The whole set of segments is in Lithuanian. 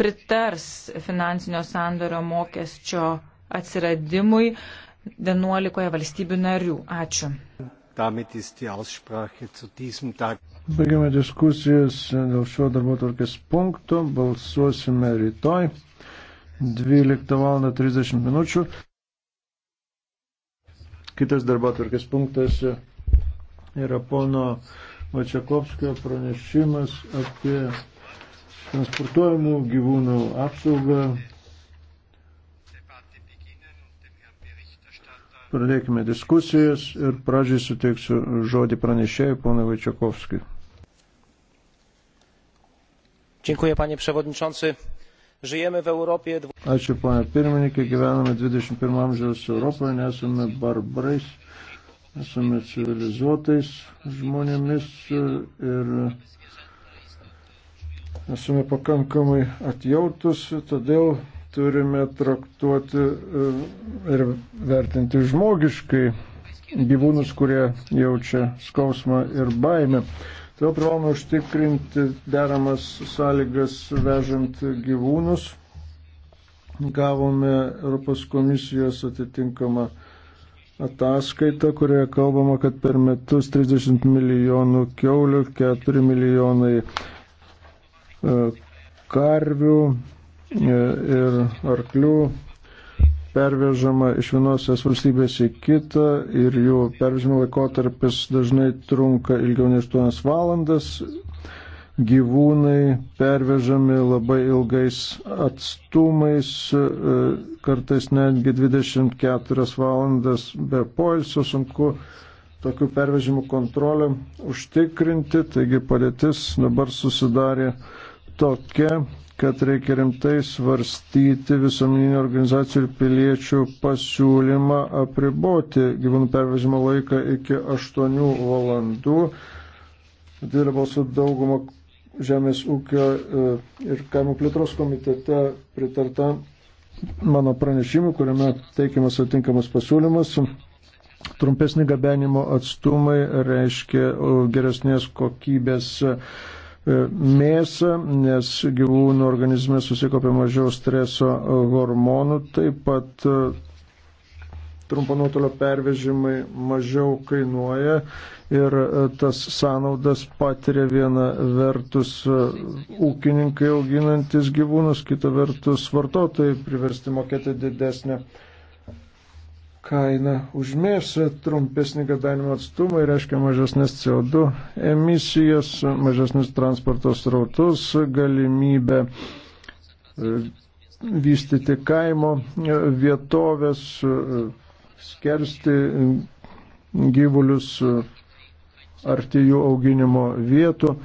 pritars finansinio sandorio mokesčio atsiradimui 11 valstybių narių. Ačiū. Baigiame diskusijas dėl šio darbo tvarkės punkto. Balsuosime rytoj 12 val. 30 minučių. Kitas darbo tvarkės punktas yra pono Vačiakovskio pranešimas apie transportuojamų gyvūnų apsaugą. Pradėkime diskusijas ir pradžiai suteiksiu žodį pranešėjai ponui Vaičiakovskijui. Dziękuję panie przewodniczący. Żyjemy w Europie. Ačiū panie pirmininkai, gyvename 21 amžiaus Europoje, nesame barbarais, esame civilizuotais žmonėmis ir esame pakankamai atjautus, todėl turime traktuoti e, ir vertinti žmogiškai gyvūnus, kurie jaučia skausmą ir baimę. Todėl privalome užtikrinti deramas sąlygas vežant gyvūnus. Gavome Europos komisijos atitinkamą ataskaitą, kurioje kalbama, kad per metus 30 milijonų keulių, 4 milijonai E, karvių e, ir arklių pervežama iš vienosios valstybės į kitą ir jų pervežimo laikotarpis dažnai trunka ilgiau nei 8 valandas. Gyvūnai pervežami labai ilgais atstumais, e, kartais netgi 24 valandas be poilsio sunku tokių pervežimų kontrolę užtikrinti, taigi padėtis dabar susidarė tokia, kad reikia rimtai svarstyti visuomeninių organizacijų ir piliečių pasiūlymą apriboti gyvūnų pervežimo laiką iki 8 valandų. Didelė balsų dauguma Žemės ūkio e, ir kaimo plėtros komitete pritarta mano pranešimu, kuriame teikiamas atinkamas pasiūlymas. Trumpesni gabenimo atstumai reiškia geresnės kokybės uh, E, mėsą, nes gyvūnų organizme susikopia mažiau streso hormonų, taip pat e, trumpanotolio pervežimai mažiau kainuoja ir e, tas sąnaudas patiria viena vertus ūkininkai auginantis gyvūnus, kita vertus vartotojai priversti mokėti didesnę kaina užmės trumpesnį gabenimo atstumą ir reiškia mažesnės CO2 emisijas, mažesnius transportos rautus, galimybę e, vystyti kaimo e, vietovės, e, skersti gyvulius arti jų auginimo vietų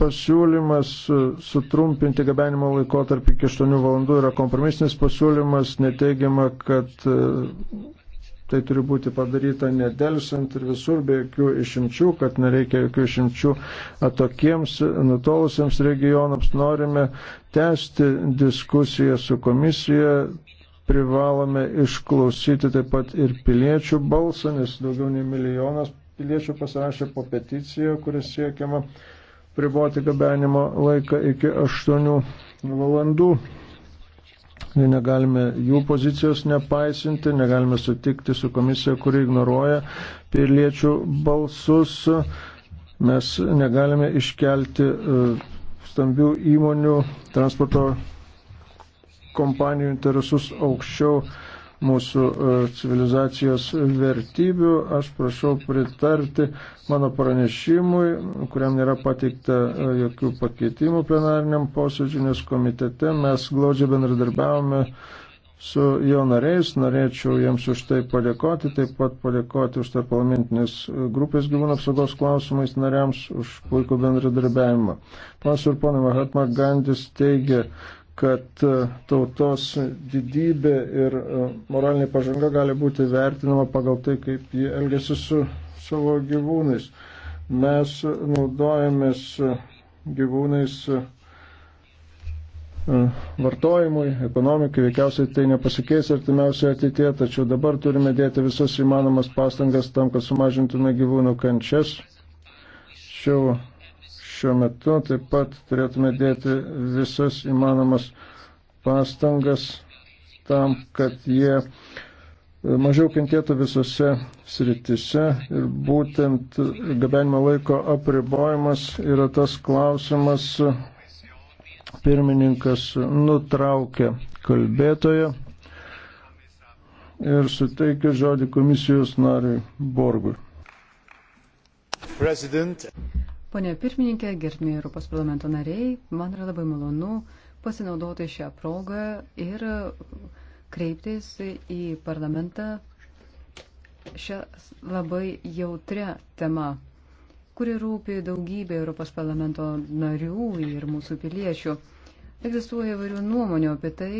pasiūlymas e, sutrumpinti gabenimo laikotarpį iki 8 valandų yra kompromisinis pasiūlymas, neteigiama, kad e, tai turi būti padaryta nedelsant ir visur be jokių išimčių, kad nereikia jokių išimčių atokiems nutolusiems regionams. Norime tęsti diskusiją su komisija, privalome išklausyti taip pat ir piliečių balsą, nes daugiau nei milijonas piliečių pasirašė po peticiją, kuris siekiama priboti gabenimo laiką iki 8 valandų. Ir negalime jų pozicijos nepaisinti, negalime sutikti su komisija, kuri ignoruoja piliečių balsus. Mes negalime iškelti e, stambių įmonių transporto kompanijų interesus aukščiau mūsų e, civilizacijos vertybių. Aš prašau pritarti mano pranešimui, kuriam nėra pateikta e, jokių pakeitimų plenariniam posėdžiui, nes komitete mes glaudžiai bendradarbiavome su jo nariais, norėčiau jiems už tai padėkoti, taip pat padėkoti už tą parlamentinės grupės gyvūnų apsaugos klausimais nariams už puikų bendradarbiavimą. Pas ir ponai Mahatma Gandis teigia, kad e, tautos didybė ir e, moralinė pažanga gali būti vertinama pagal tai, kaip jie elgesi su savo gyvūnais. Mes naudojamės gyvūnais e, vartojimui, ekonomikai, veikiausiai tai nepasikeis artimiausioje ateitie, tačiau dabar turime dėti visas įmanomas pastangas tam, kad sumažintume gyvūnų kančias. Šiau šiuo metu. Taip pat turėtume dėti visas įmanomas pastangas tam, kad jie e, mažiau kentėtų visose sritise ir būtent gabenimo laiko apribojimas yra tas klausimas, pirmininkas nutraukė kalbėtoją ir suteikė žodį komisijos nariui Borgui. President. Pone pirmininkė, gerbimi Europos parlamento nariai, man yra labai malonu pasinaudoti šią progą ir kreiptis į parlamentą šią labai jautrią temą, kuri rūpi daugybė Europos parlamento narių ir mūsų piliečių. Egzistuoja įvairių nuomonių apie tai,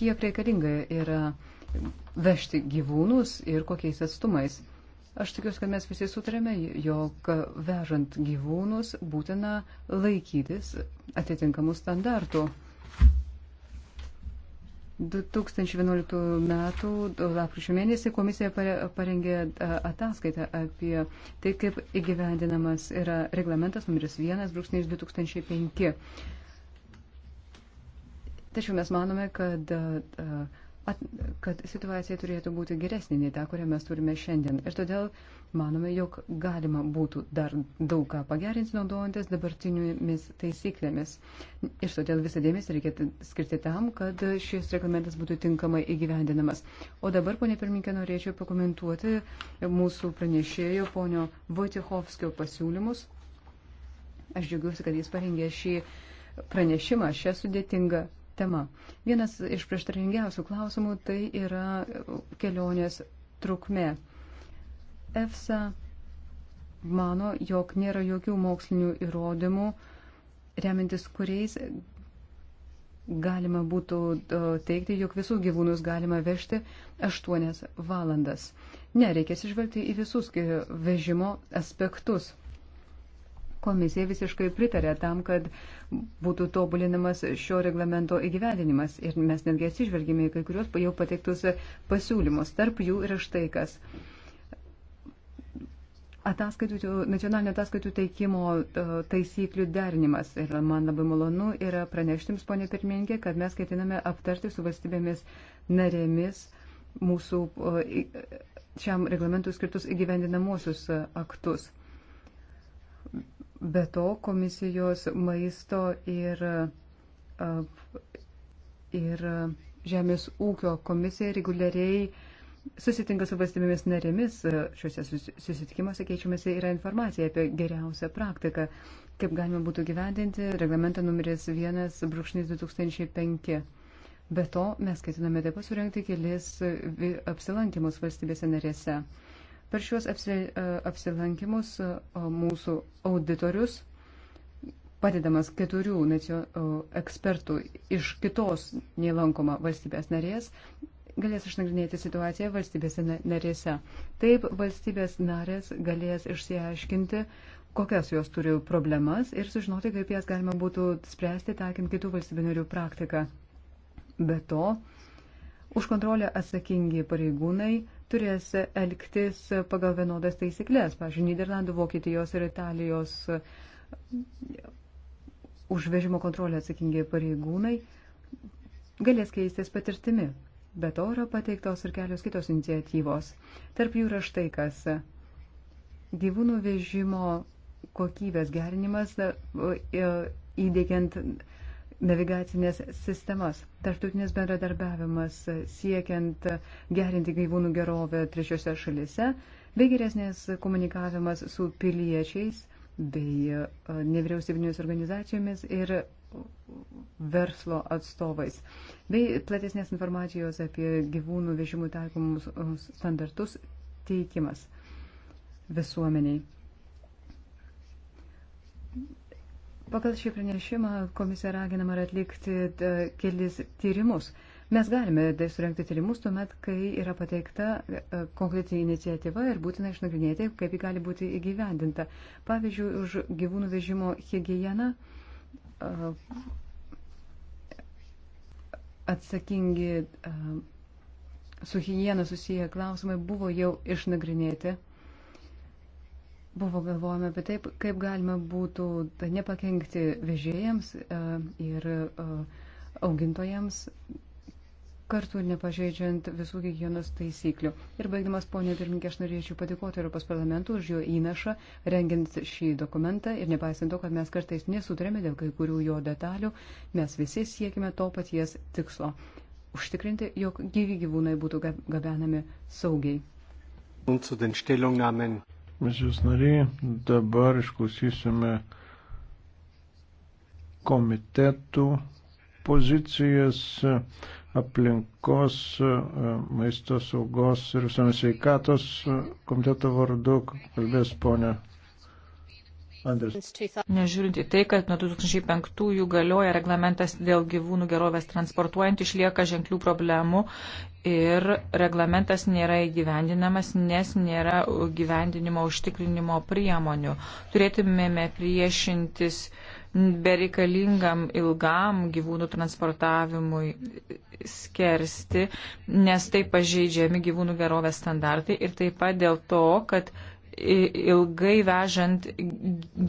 kiek reikalinga yra vežti gyvūnus ir kokiais atstumais. Aš tikiuosi, kad mes visi sutarėme, jog vežant gyvūnus būtina laikytis atitinkamų standartų. 2011 m. lapkričio mėnesį komisija parengė ataskaitą apie tai, kaip įgyvendinamas yra reglamentas numeris 1.2005. Tačiau mes manome, kad uh, at, kad situacija turėtų būti geresnė nei ta, kurią mes turime šiandien. Ir todėl manome, jog galima būtų dar daug ką pagerinti, naudojantis dabartinėmis taisyklėmis. Ir todėl visą dėmesį reikia skirti tam, kad šis reglamentas būtų tinkamai įgyvendinamas. O dabar, ponė pirminkė, norėčiau pakomentuoti mūsų pranešėjo ponio Vojtichovskio pasiūlymus. Aš džiaugiuosi, kad jis parengė šį pranešimą šią sudėtingą tema. Vienas iš prieštaringiausių klausimų tai yra kelionės trukmė. EFSA mano, jog nėra jokių mokslinių įrodymų, remintis kuriais galima būtų teikti, jog visus gyvūnus galima vežti 8 valandas. Ne, reikia sižvelgti į visus e, vežimo aspektus komisija visiškai pritarė tam, kad būtų tobulinamas šio reglamento įgyvendinimas. Ir mes netgi atsižvelgėme į kai kurios jau pateiktus pasiūlymus. Tarp jų yra štai kas. Ataskaitų, nacionalinio ataskaitų teikimo e, taisyklių derinimas. Ir man labai malonu yra praneštims, ponė pirmininkė, kad mes ketiname aptarti su valstybėmis narėmis mūsų e, šiam reglamentui skirtus įgyvendinamosius e, aktus. Be to, komisijos maisto ir, ir Žemės ūkio komisija reguliariai susitinka su valstybėmis narėmis. Šiuose susitikimuose keičiamasi yra informacija apie geriausią praktiką, kaip galima būtų gyvendinti reglamentą numeris 1.2005. Be to, mes ketiname taip pat surenkti kelis apsilankimus valstybėse narėse. Per šios e, apsilankimus e, mūsų auditorius, padedamas keturių ekspertų iš kitos nelankoma valstybės narės, galės išnagrinėti situaciją valstybėse narėse. Taip valstybės narės galės išsiaiškinti, kokias jos turi problemas ir sužinoti, kaip jas galima būtų spręsti, taikint kitų valstybių narių praktiką. Be to, už kontrolę atsakingi pareigūnai turės elgtis pagal vienodas taisyklės. Pavyzdžiui, Niderlandų, Vokietijos ir Italijos e, užvežimo kontrolę atsakingi pareigūnai galės keistis patirtimi. Be to yra pateiktos ir kelios kitos iniciatyvos. Tarp jų yra štai kas. Gyvūnų vežimo kokybės gerinimas e, e, įdėkiant navigacinės sistemas. Tartutinis bendradarbiavimas siekiant gerinti gyvūnų gerovę trečiose šalise bei geresnės komunikavimas su piliečiais bei e, nevyriausybinės organizacijomis ir verslo atstovais, bei platesnės informacijos apie gyvūnų vežimų taikomus e, standartus teikimas visuomeniai. Pagal šį pranešimą komisija raginama yra atlikti e, kelis tyrimus. Mes galime tai e, surinkti tyrimus tuomet, kai yra pateikta e, konkreti iniciatyva ir būtina išnagrinėti, kaip ji gali būti įgyvendinta. Pavyzdžiui, už gyvūnų vežimo hygieną atsakingi su hygiena susiję klausimai buvo jau išnagrinėti Buvo galvojama apie taip, kaip galima būtų nepakengti vežėjams e, ir e, augintojams kartu ir nepažeidžiant visų kiekvienos taisyklių. Ir baigdamas, ponė pirmininkė, aš norėčiau padėkoti Europos parlamentų už jo įnašą, rengiant šį dokumentą ir nepaisant to, kad mes kartais nesutarėme dėl kai kurių jo detalių, mes visi siekime to paties tikslo - užtikrinti, jog gyvi gyvūnai būtų gabenami saugiai. Und zu den Stellungnahmen Mes jūs nariai, dabar išklausysime komitetų pozicijas aplinkos, maisto saugos ir visuomenės sveikatos komiteto vardu kalbės ponia Andris. Nežiūrint į tai, kad nuo 2005-ųjų galioja reglamentas dėl gyvūnų gerovės transportuojant, išlieka ženklių problemų ir reglamentas nėra įgyvendinamas, nes nėra gyvendinimo užtikrinimo priemonių. Turėtumėme priešintis bereikalingam ilgam gyvūnų transportavimui skersti, nes tai pažeidžiami gyvūnų gerovės standartai ir taip pat dėl to, kad ilgai vežant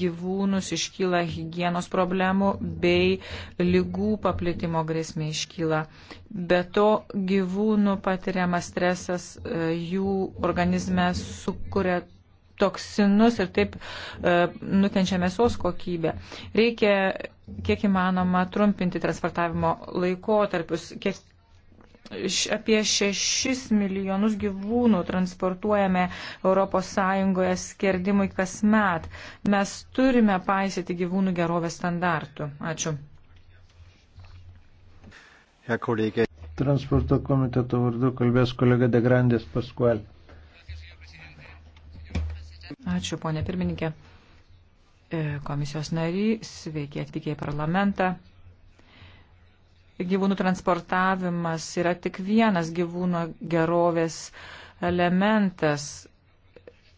gyvūnus iškyla hygienos problemų bei lygų paplitimo grėsmė iškyla. Be to gyvūnų patiriamas stresas e, jų organizme sukuria toksinus ir taip e, nukenčia mėsos kokybė. Reikia kiek įmanoma trumpinti transportavimo laikotarpius, kiek apie 6 milijonus gyvūnų transportuojame ES skerdimui kasmet. Mes turime paisyti gyvūnų gerovės standartų. Ačiū. Transporto komiteto vardu kalbės kolega Degrandės Paskual. Ačiū, ponė pirmininkė. E, komisijos nariai, sveiki atvykę į parlamentą gyvūnų transportavimas yra tik vienas gyvūno gerovės elementas.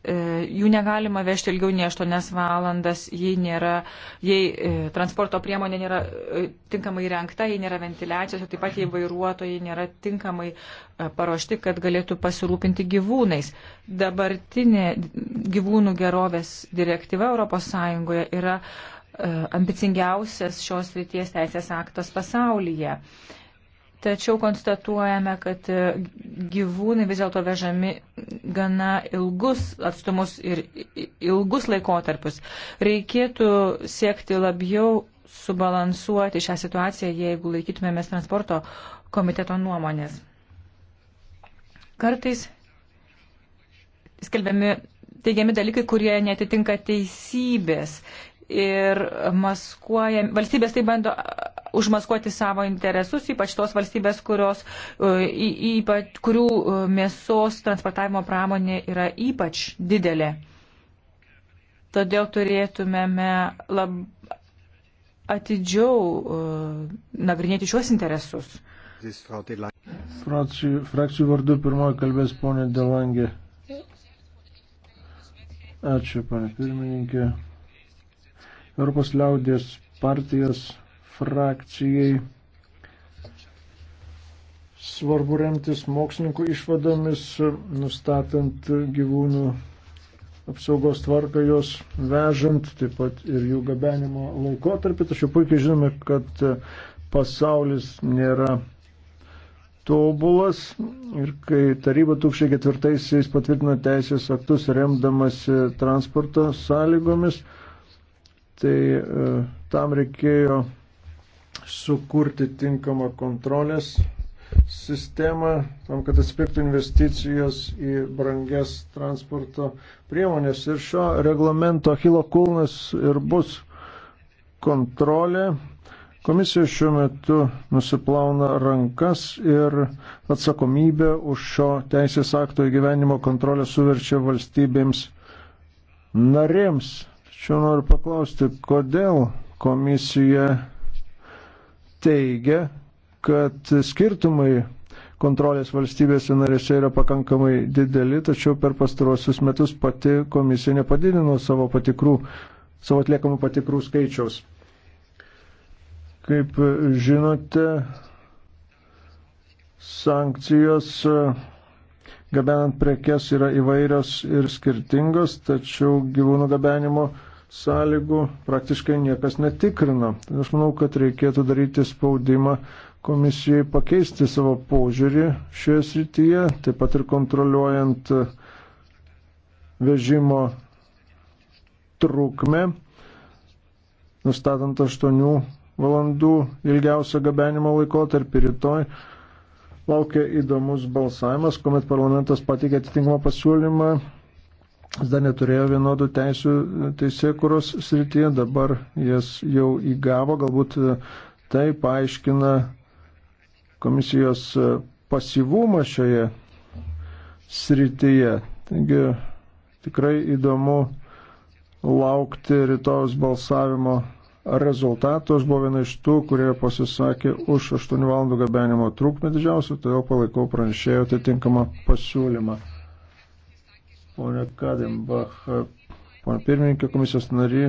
E, jų negalima vežti ilgiau nei 8 valandas, jei, nėra, jei e, transporto priemonė nėra e, tinkamai renkta, jei nėra ventiliacijos, taip pat jei vairuotojai nėra tinkamai paruošti, kad galėtų pasirūpinti gyvūnais. Dabartinė gyvūnų gerovės direktyva ES yra E, ambicingiausias šios ryties teisės aktas pasaulyje. Tačiau konstatuojame, kad e, gyvūnai vis dėlto vežami gana ilgus atstumus ir ilgus laikotarpius. Reikėtų siekti labiau subalansuoti šią situaciją, jeigu laikytumėmės transporto komiteto nuomonės. Kartais skelbiami teigiami dalykai, kurie netitinka teisybės ir maskuoja, valstybės tai bando užmaskuoti savo interesus, ypač tos valstybės, kurios, e, ypač, kurių e, mėsos transportavimo pramonė yra ypač didelė. Todėl turėtumėme lab, atidžiau uh, nagrinėti šiuos interesus. Frakcijų, frakcijų vardu pirmoji kalbės ponė Delangė. Ačiū, panė pirmininkė. Europos liaudės partijos frakcijai svarbu remtis mokslininkų išvadomis, nustatant gyvūnų apsaugos tvarką jos vežant, taip pat ir jų gabenimo laikotarpį. Tačiau puikiai žinome, kad pasaulis nėra tobulas ir kai taryba 2004-aisiais patvirtino teisės aktus remdamasi transporto sąlygomis, tai e, tam reikėjo sukurti tinkamą kontrolės sistemą, tam, kad atspirktų investicijos į brangias transporto priemonės. Ir šio reglamento Hilo Kulnas ir bus kontrolė. Komisija šiuo metu nusiplauna rankas ir atsakomybę už šio teisės akto įgyvenimo kontrolę suverčia valstybėms narėms. Čia noriu paklausti, kodėl komisija teigia, kad skirtumai kontrolės valstybėse narėse yra pakankamai dideli, tačiau per pastarosius metus pati komisija nepadidino savo patikrų, savo atliekamų patikrų skaičiaus. Kaip žinote, sankcijos gabenant prekes yra įvairios ir skirtingos, tačiau gyvūnų gabenimo sąlygų praktiškai niekas netikrina. Tai aš manau, kad reikėtų daryti spaudimą komisijai pakeisti savo požiūrį šioje srityje, taip pat ir kontroliuojant vežimo trukmę, nustatant 8 valandų ilgiausią gabenimo laikotarpį rytoj. Laukia įdomus balsavimas, kuomet parlamentas patikė atitinkamą pasiūlymą dar neturėjo vienodų teisų teisėkuros srityje, dabar jas jau įgavo, galbūt e, tai paaiškina komisijos e, pasyvumą šioje srityje. Taigi tikrai įdomu laukti rytojus balsavimo rezultatų. Aš buvau viena iš tų, kurie pasisakė už 8 valandų gabenimo trukmę didžiausią, todėl palaikau pranešėjo atitinkamą pasiūlymą. Pone Kadimbach, pone pirmininkė, komisijos nary,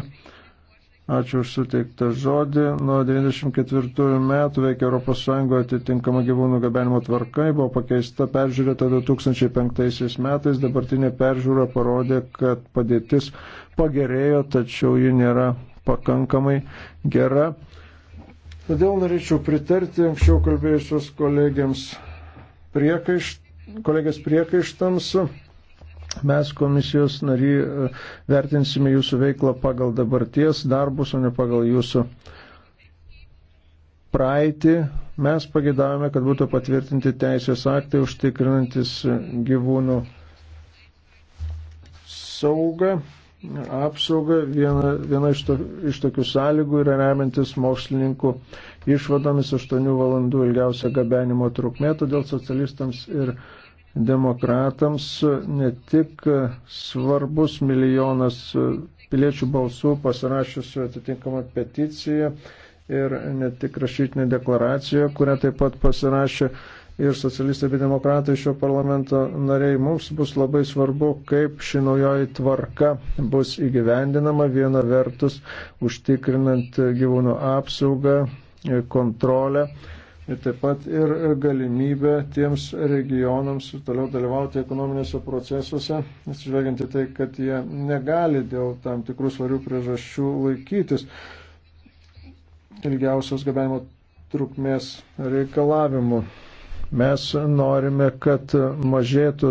ačiū už suteiktą žodį. Nuo 94 metų veikia ES atitinkama gyvūnų gabenimo tvarka, buvo pakeista peržiūrėta 2005 metais. Dabartinė peržiūra parodė, kad padėtis pagerėjo, tačiau ji nėra pakankamai gera. Todėl norėčiau pritarti anksčiau kalbėjusios kolegiams priekaištams kolegės priekaištams Mes komisijos nariai e, vertinsime jūsų veiklą pagal dabarties darbus, o ne pagal jūsų praeitį. Mes pagėdavome, kad būtų patvirtinti teisės aktai užtikrinantis gyvūnų saugą ir apsaugą. Viena, viena iš, to, iš tokių sąlygų yra remiantis mokslininkų išvadomis 8 valandų ilgiausia gabenimo trukmė, todėl socialistams ir demokratams ne tik svarbus milijonas piliečių balsų pasirašysiu atitinkamą peticiją ir ne tik rašytinę deklaraciją, kurią taip pat pasirašė ir socialistai bei demokratai šio parlamento nariai. Mums bus labai svarbu, kaip ši naujoji tvarka bus įgyvendinama viena vertus užtikrinant gyvūnų apsaugą, kontrolę ir taip pat ir galimybę tiems regionams toliau dalyvauti ekonominėse procesuose, atsižvelgiant į tai, kad jie negali dėl tam tikrų svarių priežasčių laikytis ilgiausios gabenimo trukmės reikalavimų. Mes norime, kad mažėtų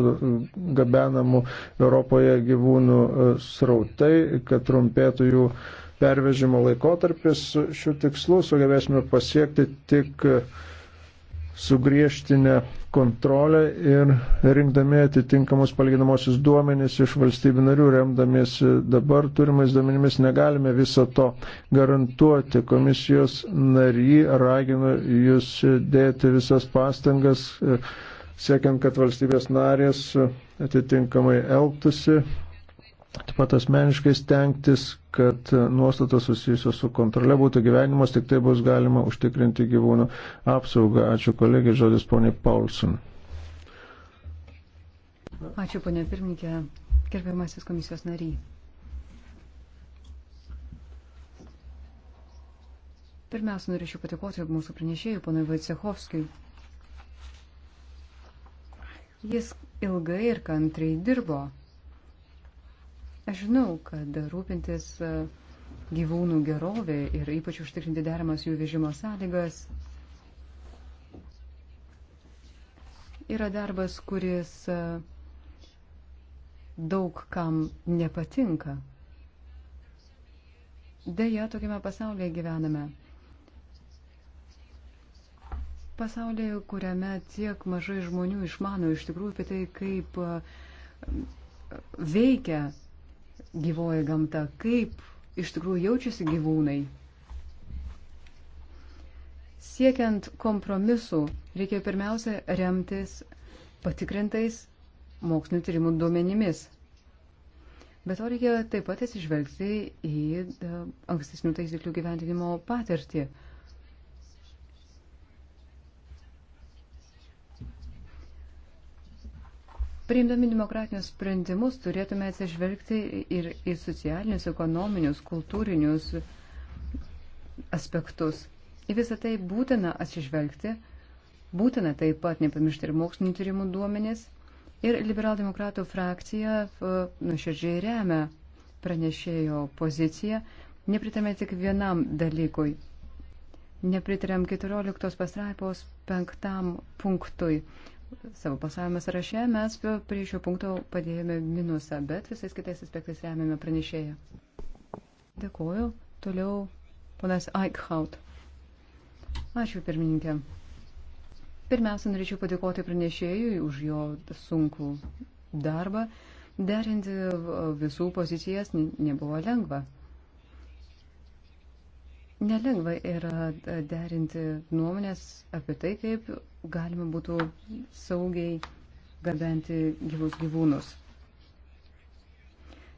gabenamų Europoje gyvūnų srautai, kad trumpėtų jų pervežimo laikotarpis. Šių tikslų sugebėsime pasiekti tik sugriežtinę kontrolę ir rinkdami atitinkamus palyginamosius duomenys iš valstybių narių, remdamiesi dabar turimais duomenimis, negalime viso to garantuoti. Komisijos nary raginu jūs dėti visas pastangas, siekiant, kad valstybės narės atitinkamai elgtųsi taip pat asmeniškai stengtis, kad nuostatos susijusios su kontrole būtų gyvenimas, tik tai bus galima užtikrinti gyvūnų apsaugą. Ačiū kolegai, žodis poniai Paulson. Ačiū ponia pirmininkė, gerbiamasis komisijos nariai. Pirmiausia, norėčiau patikoti mūsų pranešėjų, ponui Vaicehovskijui. Jis ilgai ir kantriai dirbo Aš žinau, kad rūpintis e, gyvūnų gerovė ir ypač užtikrinti deramas jų vežimo sąlygas yra darbas, kuris e, daug kam nepatinka. Deja, tokiame pasaulyje gyvename. Pasaulyje, kuriame tiek mažai žmonių išmano iš tikrųjų apie tai, kaip e, veikia gyvoji gamta, kaip iš tikrųjų jaučiasi gyvūnai. Siekiant kompromisų, reikia pirmiausia remtis patikrintais mokslinio tyrimų duomenimis. Bet to reikia taip pat atsižvelgti į e, ankstesnių taisyklių gyventinimo patirtį. Priimdami demokratinius sprendimus turėtume atsižvelgti ir į socialinius, ekonominius, kultūrinius aspektus. Į visą tai būtina atsižvelgti, būtina taip pat nepamiršti ir mokslinio tyrimų duomenės. Ir liberaldemokratų frakcija e, nuširdžiai remia pranešėjo poziciją, nepritarėme tik vienam dalykui. Nepritarėm 14 pastraipos penktam punktui savo pasavimą sąraše mes prie šio punkto padėjome minusą, bet visais kitais aspektais remiame pranešėją. Dėkuoju. Toliau ponas Eichhaut. Ačiū pirmininkė. Pirmiausia, norėčiau padėkoti pranešėjui už jo sunkų darbą. Derinti visų pozicijas nebuvo lengva. Nelengva yra derinti nuomonės apie tai, kaip galima būtų saugiai gabenti gyvus gyvūnus.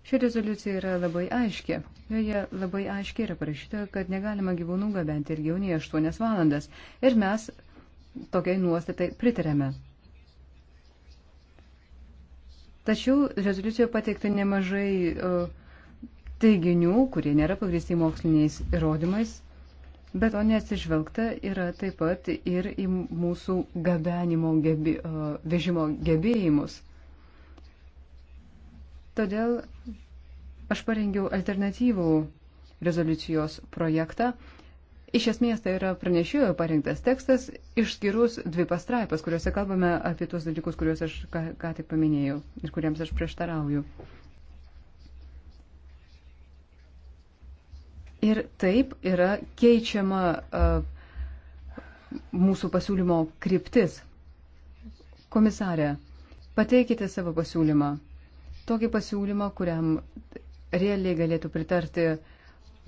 Ši rezoliucija yra labai aiški. Joje labai aiškiai yra parašyta, kad negalima gyvūnų gabenti ilgiau nei 8 valandas. Ir mes tokiai nuostatai pritarėme. Tačiau rezoliucijoje pateikta nemažai uh, teiginių, kurie nėra pagristi moksliniais įrodymais bet o neatsižvelgta yra taip pat ir į mūsų gabenimo gebi, vežimo gebėjimus. Todėl aš parengiau alternatyvų rezoliucijos projektą. Iš esmės tai yra pranešėjo parengtas tekstas, išskyrus dvi pastraipas, kuriuose kalbame apie tuos dalykus, kuriuos aš ką, ką tik paminėjau ir kuriems aš prieštarauju. Ir taip yra keičiama mūsų pasiūlymo kryptis. Komisarė, pateikite savo pasiūlymą. Tokį pasiūlymą, kuriam realiai galėtų pritarti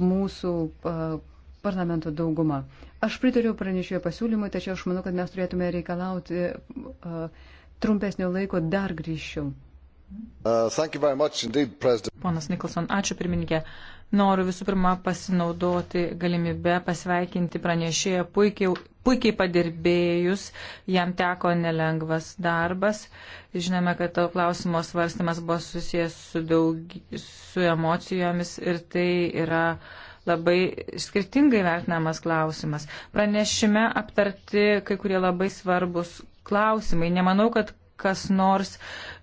mūsų parlamento dauguma. Aš pritariu pranešėjo pasiūlymui, tačiau aš manau, kad mes turėtume reikalauti trumpesnio laiko dar grįžčiau. Uh, indeed, Ponas Nikolson, ačiū pirmininkė. Noriu visų pirma pasinaudoti galimybę pasveikinti pranešėją puikiai, puikiai padirbėjus, jam teko nelengvas darbas. Žinome, kad to klausimo svarstymas buvo susijęs su, daug, su emocijomis ir tai yra labai skirtingai vertinamas klausimas. Pranešime aptarti kai kurie labai svarbus klausimai. Nemanau, kad kas nors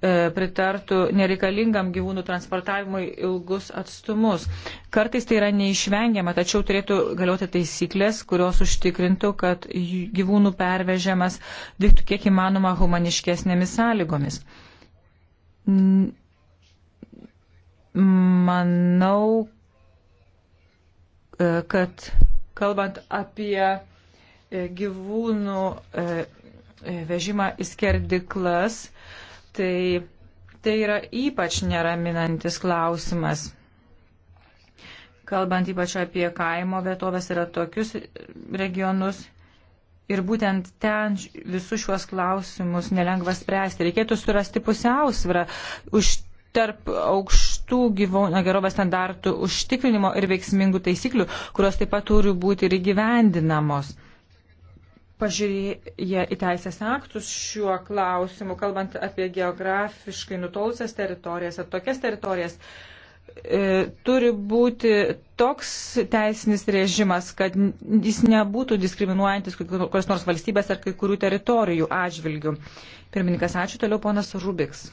e, pritartų nereikalingam gyvūnų transportavimui ilgus atstumus. Kartais tai yra neišvengiama, tačiau turėtų galioti taisyklės, kurios užtikrintų, kad gyvūnų pervežimas vyktų kiek įmanoma humaniškesnėmis sąlygomis. Manau, e, kad kalbant apie e, gyvūnų e, E, vežimą į skerdiklas, tai tai yra ypač neraminantis klausimas. Kalbant ypač apie kaimo vietovės yra tokius regionus ir būtent ten visus šiuos klausimus nelengva spręsti. Reikėtų surasti pusiausvyrą už tarp aukštų gyvūnų gerovės standartų užtikrinimo ir veiksmingų taisyklių, kurios taip pat turi būti ir įgyvendinamos pažiūrėję į teisės aktus šiuo klausimu, kalbant apie geografiškai nutolusias teritorijas ar tokias teritorijas, e, turi būti toks teisinis režimas, kad jis nebūtų diskriminuojantis kokios nors valstybės ar kai kurių teritorijų atžvilgių. Pirmininkas, ačiū, toliau ponas Rubiks.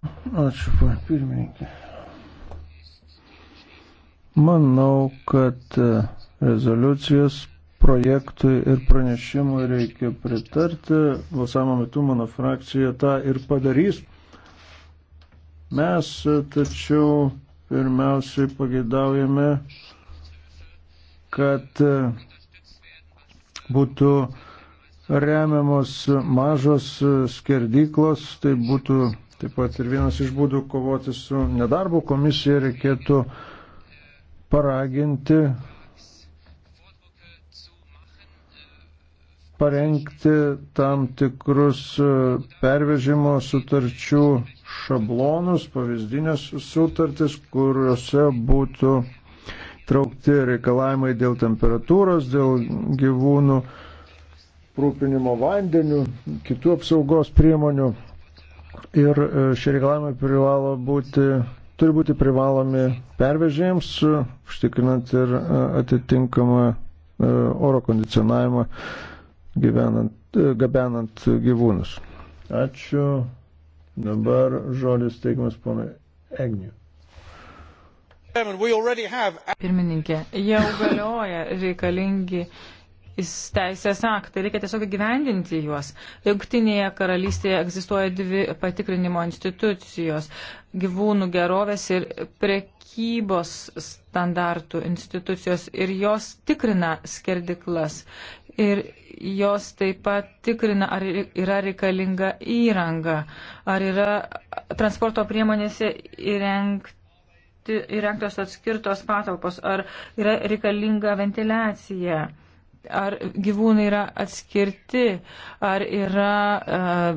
Ačiū, pan pirmininkė. Manau, kad uh, rezoliucijos projektui ir pranešimui reikia pritarti. Balsavimo metu mano frakcija tą ir padarys. Mes tačiau pirmiausiai pageidaujame, kad būtų remiamos mažos skerdyklos, tai būtų taip pat ir vienas iš būdų kovoti su nedarbu. Komisija reikėtų paraginti parengti tam tikrus e, pervežimo sutarčių šablonus, pavyzdinės sutartis, kuriuose būtų traukti reikalavimai dėl temperatūros, dėl gyvūnų rūpinimo vandeniu, kitų apsaugos priemonių. Ir e, šie reikalavimai privalo būti, turi būti privalomi pervežėjams, užtikrinant ir e, atitinkamą oro kondicionavimą gyvenant, e, gabenant gyvūnus. Ačiū. Dabar žodis teikimas ponai Egniu. Pirmininkė, jau galioja reikalingi teisės aktai, reikia tiesiog gyvendinti juos. Jungtinėje karalystėje egzistuoja dvi patikrinimo institucijos - gyvūnų gerovės ir prekybos standartų institucijos ir jos tikrina skerdiklas ir jos taip pat tikrina, ar yra reikalinga įranga, ar yra transporto priemonėse įrengti įrengtos atskirtos patalpos, ar yra reikalinga ventiliacija, ar gyvūnai yra atskirti, ar yra uh,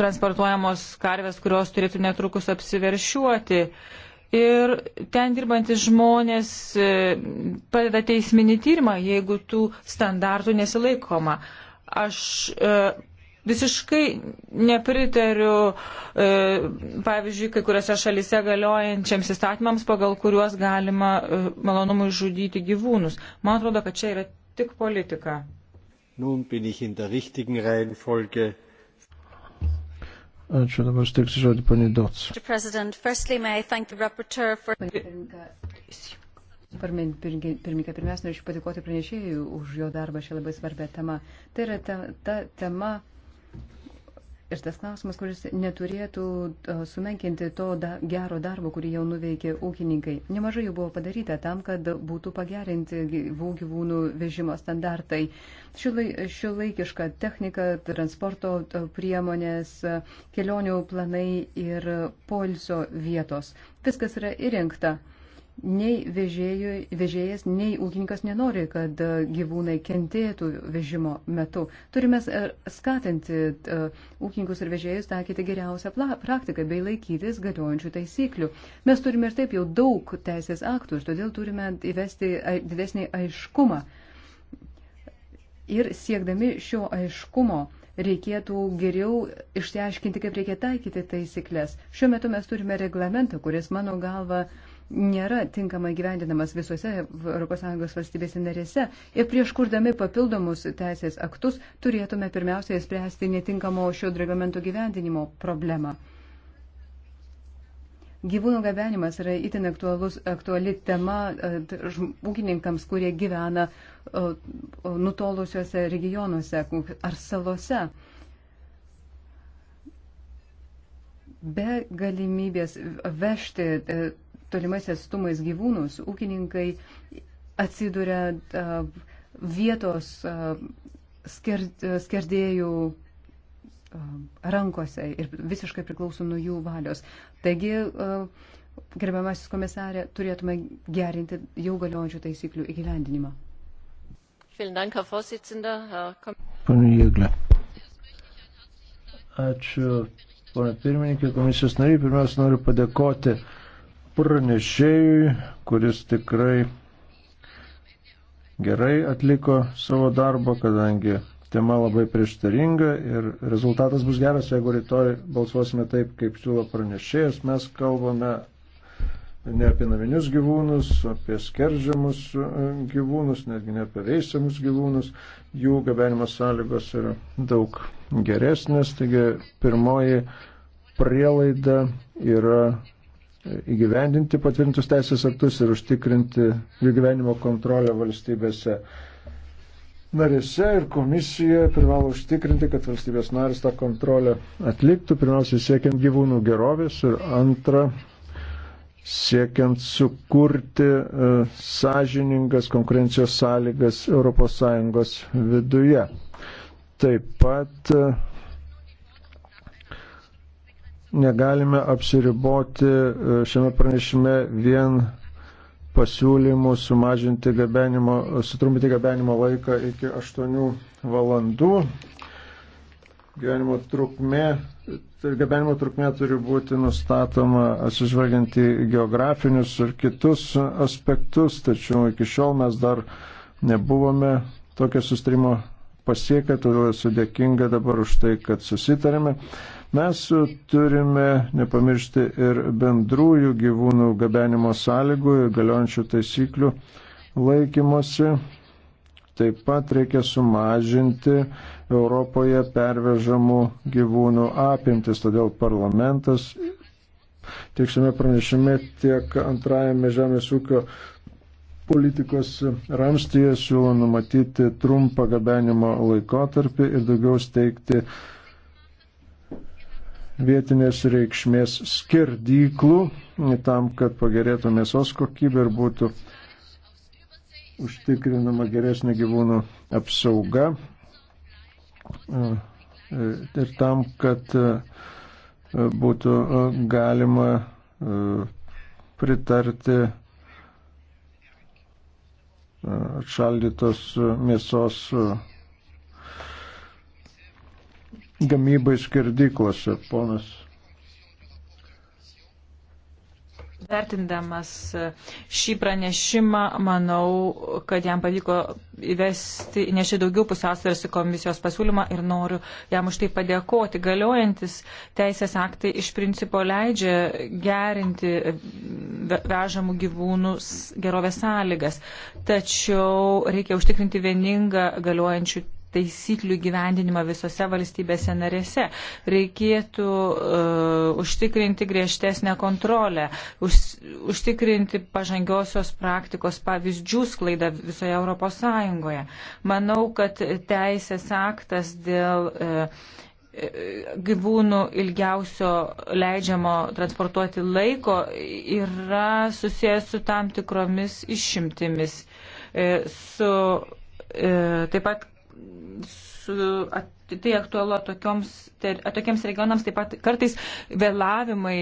transportuojamos karvės, kurios turėtų netrukus apsiveršiuoti. Uh, ir ten dirbantis žmonės e, padeda teisminį tyrimą, jeigu tų standartų nesilaikoma. Aš e, visiškai nepritariu, e, pavyzdžiui, kai kuriuose šalise galiojančiams įstatymams, pagal kuriuos galima e, malonumui žudyti gyvūnus. Man atrodo, kad čia yra tik politika. Nun bin ich in der richtigen Reihenfolge Ačiū, dabar aš teiksiu žodį panidots. Pirmininkė, pirmiausia, norėčiau padėkoti pranešėjui už jo darbą šią labai svarbę temą. Tai yra ta, ta tema, Ir tas klausimas, kuris neturėtų e, sumenkinti to da, gero darbo, kurį jau nuveikė ūkininkai. Nemažai jau buvo padaryta tam, kad būtų pagerinti gyvų gyvūnų vežimo standartai. Šiuolaikiška technika, transporto e, priemonės, e, kelionių planai ir polso vietos. Viskas yra įrengta. Nei vežėjų, vežėjas, nei ūkininkas nenori, kad e, gyvūnai kentėtų vežimo metu. Turime e, skatinti e, ūkininkus ir vežėjus taikyti geriausią praktiką bei laikytis galiojančių taisyklių. Mes turime ir taip jau daug teisės aktų ir todėl turime įvesti didesnį aiškumą. Ir siekdami šio aiškumo reikėtų geriau išsiaiškinti, kaip reikia taikyti taisyklės. Šiuo metu mes turime reglamentą, kuris, mano galva, uh, nėra tinkamai gyvendinamas visose ES valstybėse narėse ir prieš kurdami papildomus teisės aktus turėtume pirmiausiai spręsti netinkamo šio reglamento gyvendinimo problemą. Gyvūnų gabenimas yra itin aktualus, aktuali tema e, ūkininkams, kurie gyvena nutolusiuose regionuose ar salose. be galimybės vežti e, tolimais atstumais gyvūnus, ūkininkai atsiduria vietos skerdėjų rankose ir visiškai priklauso nuo jų valios. Taigi, gerbiamasis komisarė, turėtume gerinti jau galiojančių taisyklių įgyvendinimą. Pane Jėglė. Ačiū, pana pirmininkė, komisijos nariai. Pirmiausia, noriu padėkoti uh, pranešėjui, kuris tikrai gerai atliko savo darbą, kadangi tema labai prieštaringa ir rezultatas bus geras, jeigu rytoj balsuosime taip, kaip siūlo pranešėjas. Mes kalbame ne apie naminius gyvūnus, apie skerdžiamus e, gyvūnus, netgi ne apie veisiamus gyvūnus. Jų gabenimo sąlygos yra daug geresnės. Taigi pirmoji prielaida yra įgyvendinti patvirtintus teisės aktus ir užtikrinti jų gyvenimo kontrolę valstybėse narėse ir komisija privalo užtikrinti, kad valstybės narės tą kontrolę atliktų, pirmiausia, siekiant gyvūnų gerovės ir antra, siekiant sukurti uh, sąžiningas konkurencijos sąlygas ES viduje. Taip pat uh, negalime apsiriboti e, šiame pranešime vien pasiūlymų sumažinti gabenimo, sutrumpinti gabenimo laiką iki 8 valandų. Gyvenimo trukmė, tai gabenimo trukmė turi būti nustatoma atsižvelgiant į geografinius ir kitus aspektus, tačiau iki šiol mes dar nebuvome tokio sustrimo pasiekę, todėl esu dėkinga dabar už tai, kad susitarėme. Mes turime nepamiršti ir bendrųjų gyvūnų gabenimo sąlygų ir galiojančių taisyklių laikymosi. Taip pat reikia sumažinti Europoje pervežamų gyvūnų apimtis, todėl parlamentas tiek šiame pranešime, tiek antrajame žemės ūkio politikos ramstyje siūlo numatyti trumpą gabenimo laikotarpį ir daugiau steigti vietinės reikšmės skerdyklų tam, kad pagerėtų mėsos kokybė ir būtų užtikrinama geresnė gyvūnų apsauga. E, ir tam, kad e, būtų e, galima pritarti atšaldytos mėsos gamybai skirdyklose, ponas. Vertindamas šį pranešimą, manau, kad jam pavyko įvesti, nešti daugiau pusiausvėros į komisijos pasiūlymą ir noriu jam už tai padėkoti. Galiojantis teisės aktai iš principo leidžia gerinti vežamų gyvūnų gerovės sąlygas, tačiau reikia užtikrinti vieningą galiojančių taisyklių gyvendinimą visose valstybėse narėse. Reikėtų uh, užtikrinti griežtesnę kontrolę, už, užtikrinti pažangiosios praktikos pavyzdžių sklaidą visoje Europos Sąjungoje. Manau, kad teisės aktas dėl uh, gyvūnų ilgiausio leidžiamo transportuoti laiko yra susijęs su tam tikromis išimtimis. Uh, su, uh, taip pat su, at, tai aktualu tokioms, ter, tokiems regionams, taip pat kartais vėlavimai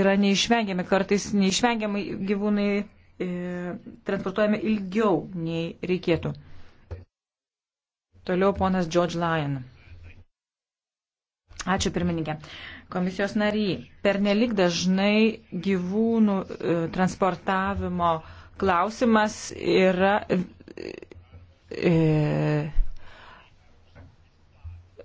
yra neišvengiami, kartais neišvengiamai gyvūnai e, transportuojami ilgiau nei reikėtų. Toliau ponas George Lyon. Ačiū pirmininkė. Komisijos nariai, pernelik dažnai gyvūnų e, transportavimo klausimas yra. E, e,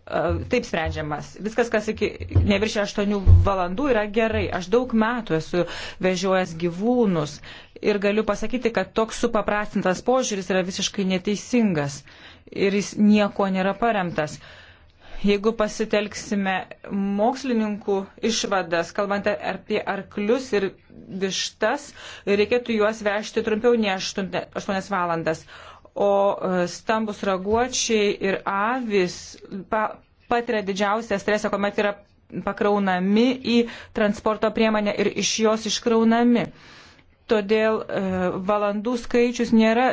E, taip sprendžiamas. Viskas, kas iki neviršia 8 valandų, yra gerai. Aš daug metų esu vežiojęs gyvūnus ir galiu pasakyti, kad toks supaprastintas požiūris yra visiškai neteisingas ir jis nieko nėra paremtas. Jeigu pasitelksime mokslininkų išvadas, kalbant apie arklius ir vištas, reikėtų juos vežti trumpiau nei 8 valandas o e, stambus raguočiai ir avis pa, patiria didžiausią stresą, kuomet yra pakraunami į transporto priemonę ir iš jos iškraunami. Todėl e, valandų skaičius nėra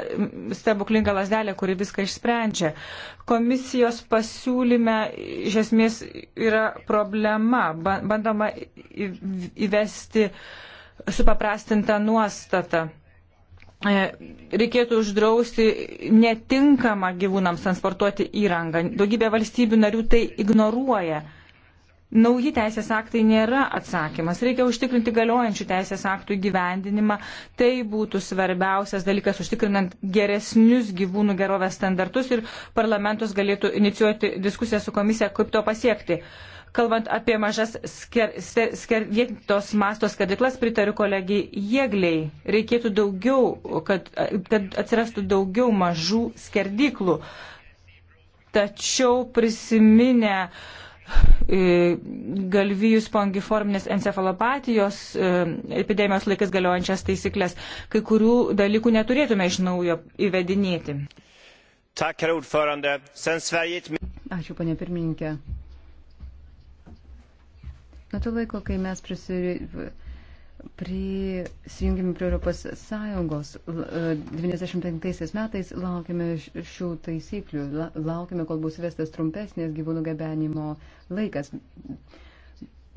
stebuklinga lasdelė, kuri viską išsprendžia. Komisijos pasiūlyme iš esmės yra problema. Bandoma įvesti supaprastintą nuostatą. E, reikėtų uždrausti netinkamą gyvūnams transportuoti įrangą. Daugybė valstybių narių tai ignoruoja. Nauji teisės aktai nėra atsakymas. Reikia užtikrinti galiojančių teisės aktų įgyvendinimą. Tai būtų svarbiausias dalykas, užtikrinant geresnius gyvūnų gerovės standartus ir parlamentus galėtų inicijuoti diskusiją su komisija, kaip to pasiekti. Uh, Kalbant apie mažas sker, sker, sker, vietos mastos skerdiklas, pritariu kolegijai jėgliai. Reikėtų daugiau, kad, kad atsirastų daugiau mažų skerdiklų. Tačiau prisiminę e, galvijų spongiforminės encefalopatijos e, epidemijos laikas galiojančias taisyklės, kai kurių dalykų neturėtume iš naujo įvedinėti. Ačiū, panė pirmininkė. Nuo to laiko, kai mes prisijungėme prisijungėme prie Europos Sąjungos 95 e, metais, laukime šių taisyklių, laukime, kol bus vestas trumpesnės gyvūnų gabenimo laikas.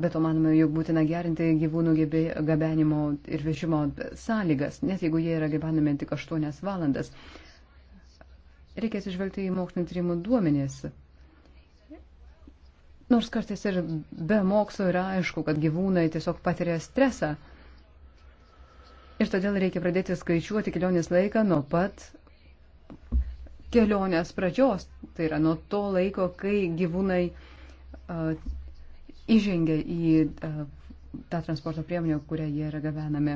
Bet to manome, jog būtina gerinti gyvūnų gabenimo ir vežimo sąlygas, net jeigu jie yra gabenami tik 8 valandas. Reikės išvelgti į mokslinio tyrimų duomenės Nors kartais ir be mokslo yra aišku, kad gyvūnai tiesiog patiria stresą. Ir todėl reikia pradėti skaičiuoti kelionės laiką nuo pat kelionės pradžios. Tai yra nuo to laiko, kai gyvūnai uh, įžengia į uh, tą transporto priemonę, kurią jie yra gabenami.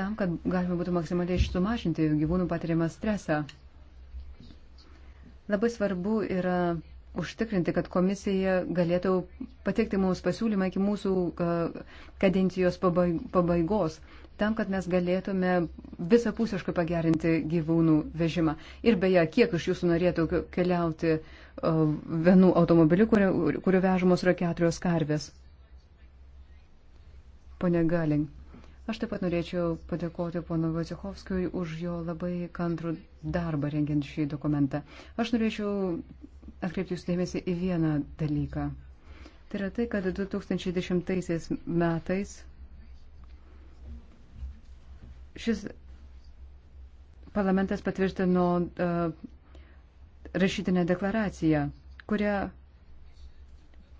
Tam, kad galima būtų maksimaliai sumažinti gyvūnų patiriamą stresą. Labai svarbu yra užtikrinti, kad komisija galėtų pateikti mums pasiūlymą iki mūsų kadencijos pabaigos, tam, kad mes galėtume visapusiškai pagerinti gyvūnų vežimą. Ir beje, kiek iš jūsų norėtų keliauti vienu automobiliu, kurio, kurio vežamos yra keturios karvės? Pone Galing. Aš taip pat norėčiau padėkoti pono Vojcechovskijui už jo labai kantrų darbą rengiant šį dokumentą. Aš norėčiau atkreipti jūsų dėmesį į vieną dalyką. Tai yra tai, kad 2010 metais šis parlamentas patvirtino uh, rašytinę deklaraciją, kurią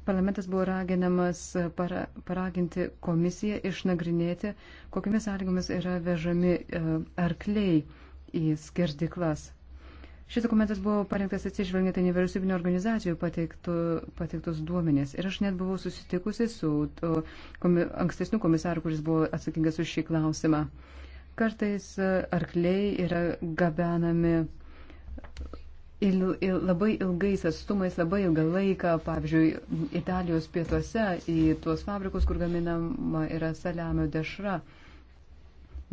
parlamentas buvo raginamas e, para, paraginti komisiją išnagrinėti, kokiamis sąlygomis yra vežami uh, arkliai į skerdiklas. Šis dokumentas buvo parengtas atsižvelgiant į nevyriausybinio organizacijų pateiktų, pateiktus duomenės. Ir aš net buvau susitikusi su to, komi, ankstesniu komisaru, kuris buvo atsakingas už šį klausimą. Kartais e, arkliai yra gabenami il, il, labai ilgais atstumais, labai ilgą laiką, pavyzdžiui, Italijos pietuose į tuos fabrikus, kur gaminama yra saliamio dešra.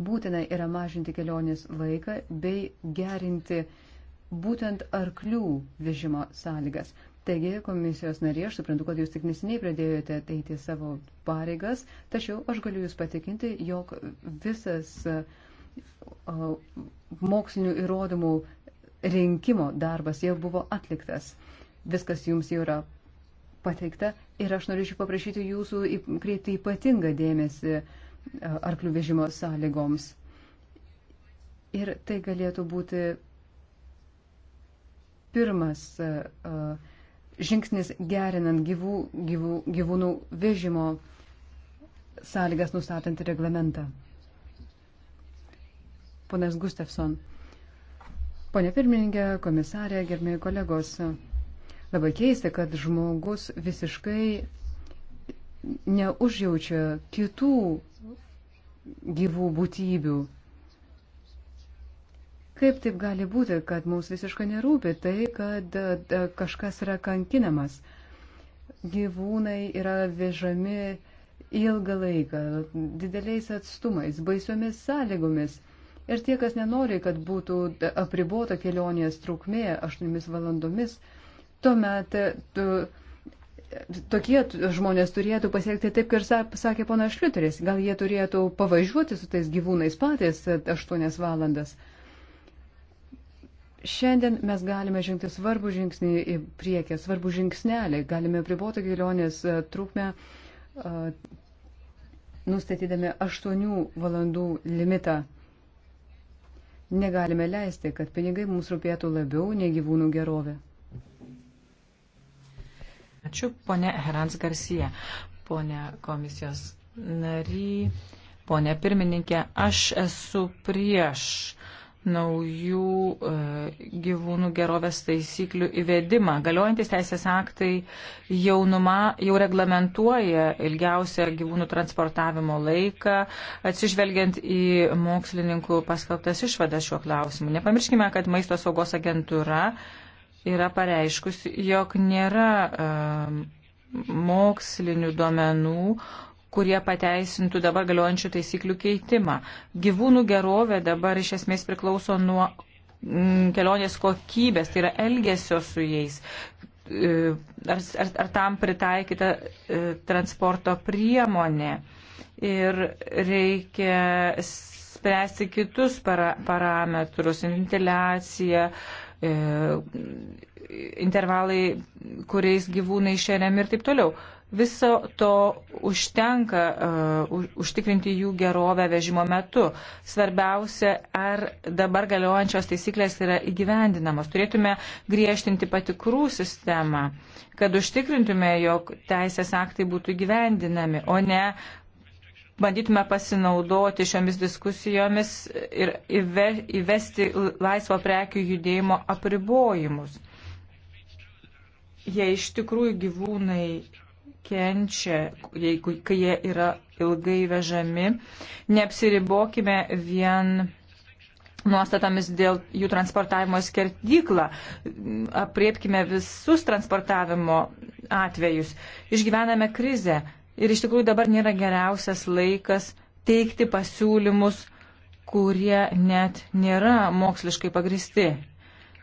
Būtina yra mažinti kelionės laiką bei gerinti uh, būtent arklių vežimo sąlygas. Taigi, komisijos narė, aš suprantu, kad jūs tik nesiniai pradėjote teiti savo pareigas, tačiau aš galiu jūs patikinti, jog visas mokslinių įrodymų rinkimo darbas jau buvo atliktas. Viskas jums jau yra pateikta ir aš norėčiau paprašyti jūsų kreipti ypatingą dėmesį arklių vežimo sąlygoms. Ir tai galėtų būti pirmas e, e, žingsnis gerinant gyvų, gyvų, gyvūnų vežimo sąlygas nustatantį reglamentą. Ponas Gustafson. Pone pirmininkė, komisarė, gerbėjai kolegos, labai keista, kad žmogus visiškai neužjaučia kitų gyvų būtybių Kaip taip gali būti, kad mums visiškai nerūpi tai, kad e, kažkas yra kankinamas? Gyvūnai yra vežami ilgą laiką, dideliais atstumais, baisiomis sąlygomis. Ir tie, kas nenori, kad būtų apribota kelionės trukmė 8 valandomis, tuomet e, tu, tokie žmonės turėtų pasiekti taip, kaip ir sakė ponas Šliuteris. Gal jie turėtų pavažiuoti su tais gyvūnais patys 8 valandas. Šiandien mes galime žengti svarbų žingsnį į priekį, svarbų žingsnelį, galime priboti kelionės e, trukmę, e, nustatydami 8 valandų limitą. Negalime leisti, kad pinigai mums rūpėtų labiau nei gyvūnų gerovė. Ačiū, ponė Herans Garcia, ponė komisijos nary, ponė pirmininkė, aš esu prieš uh, naujų e, gyvūnų gerovės taisyklių įvedimą. Galiojantis teisės aktai jau, numa, jau reglamentuoja ilgiausią gyvūnų transportavimo laiką, atsižvelgiant į mokslininkų paskelbtas išvadas šiuo klausimu. Nepamirškime, kad maisto saugos agentūra yra pareiškusi, jog nėra um, mokslinių duomenų, kurie pateisintų dabar galiojančių taisyklių keitimą. Gyvūnų gerovė dabar iš esmės priklauso nuo mm, kelionės kokybės, tai yra elgesio su jais, e, ar, ar, ar tam pritaikyta e, transporto priemonė. Ir reikia spręsti kitus para, parametrus, ventiliaciją, e, intervalai, kuriais gyvūnai išeriami ir taip toliau. Viso to užtenka uh, užtikrinti jų gerovę vežimo metu. Svarbiausia, ar dabar galiojančios taisyklės yra įgyvendinamos. Turėtume griežtinti patikrų sistemą, kad užtikrintume, jog teisės aktai būtų įgyvendinami, o ne bandytume pasinaudoti šiomis diskusijomis ir įve, įvesti laisvo prekių judėjimo apribojimus. Jei iš tikrųjų gyvūnai kenčia, jeigu, kai jie yra ilgai vežami. Neapsiribokime vien nuostatomis dėl jų transportavimo skerdyklą. Apriepkime visus transportavimo atvejus. Išgyvename krizę ir iš tikrųjų dabar nėra geriausias laikas teikti pasiūlymus, kurie net nėra moksliškai pagristi.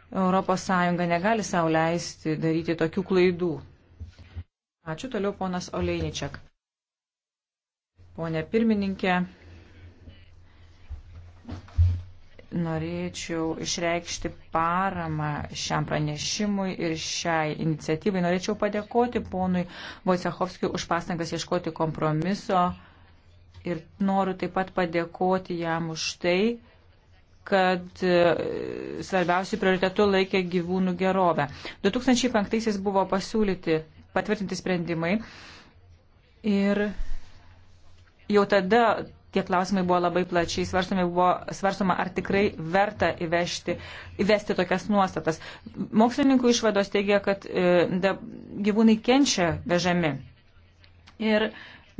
ES negali sauliaisti daryti tokių klaidų. Ačiū toliau ponas Oleiničiak. Pone pirmininkė, norėčiau išreikšti paramą šiam pranešimui ir šiai iniciatyvai. Norėčiau padėkoti ponui Vojcechovskijui už pastangas ieškoti kompromiso ir noriu taip pat padėkoti jam už tai, kad e, svarbiausių prioritetų laikė gyvūnų gerovę. 2005 buvo pasiūlyti patvirtinti sprendimai. Ir jau tada tie klausimai buvo labai plačiai svarstomi, buvo svarstoma, ar tikrai verta įvežti, įvesti tokias nuostatas. Mokslininkų išvados teigia, kad e, da, gyvūnai kenčia vežami. Ir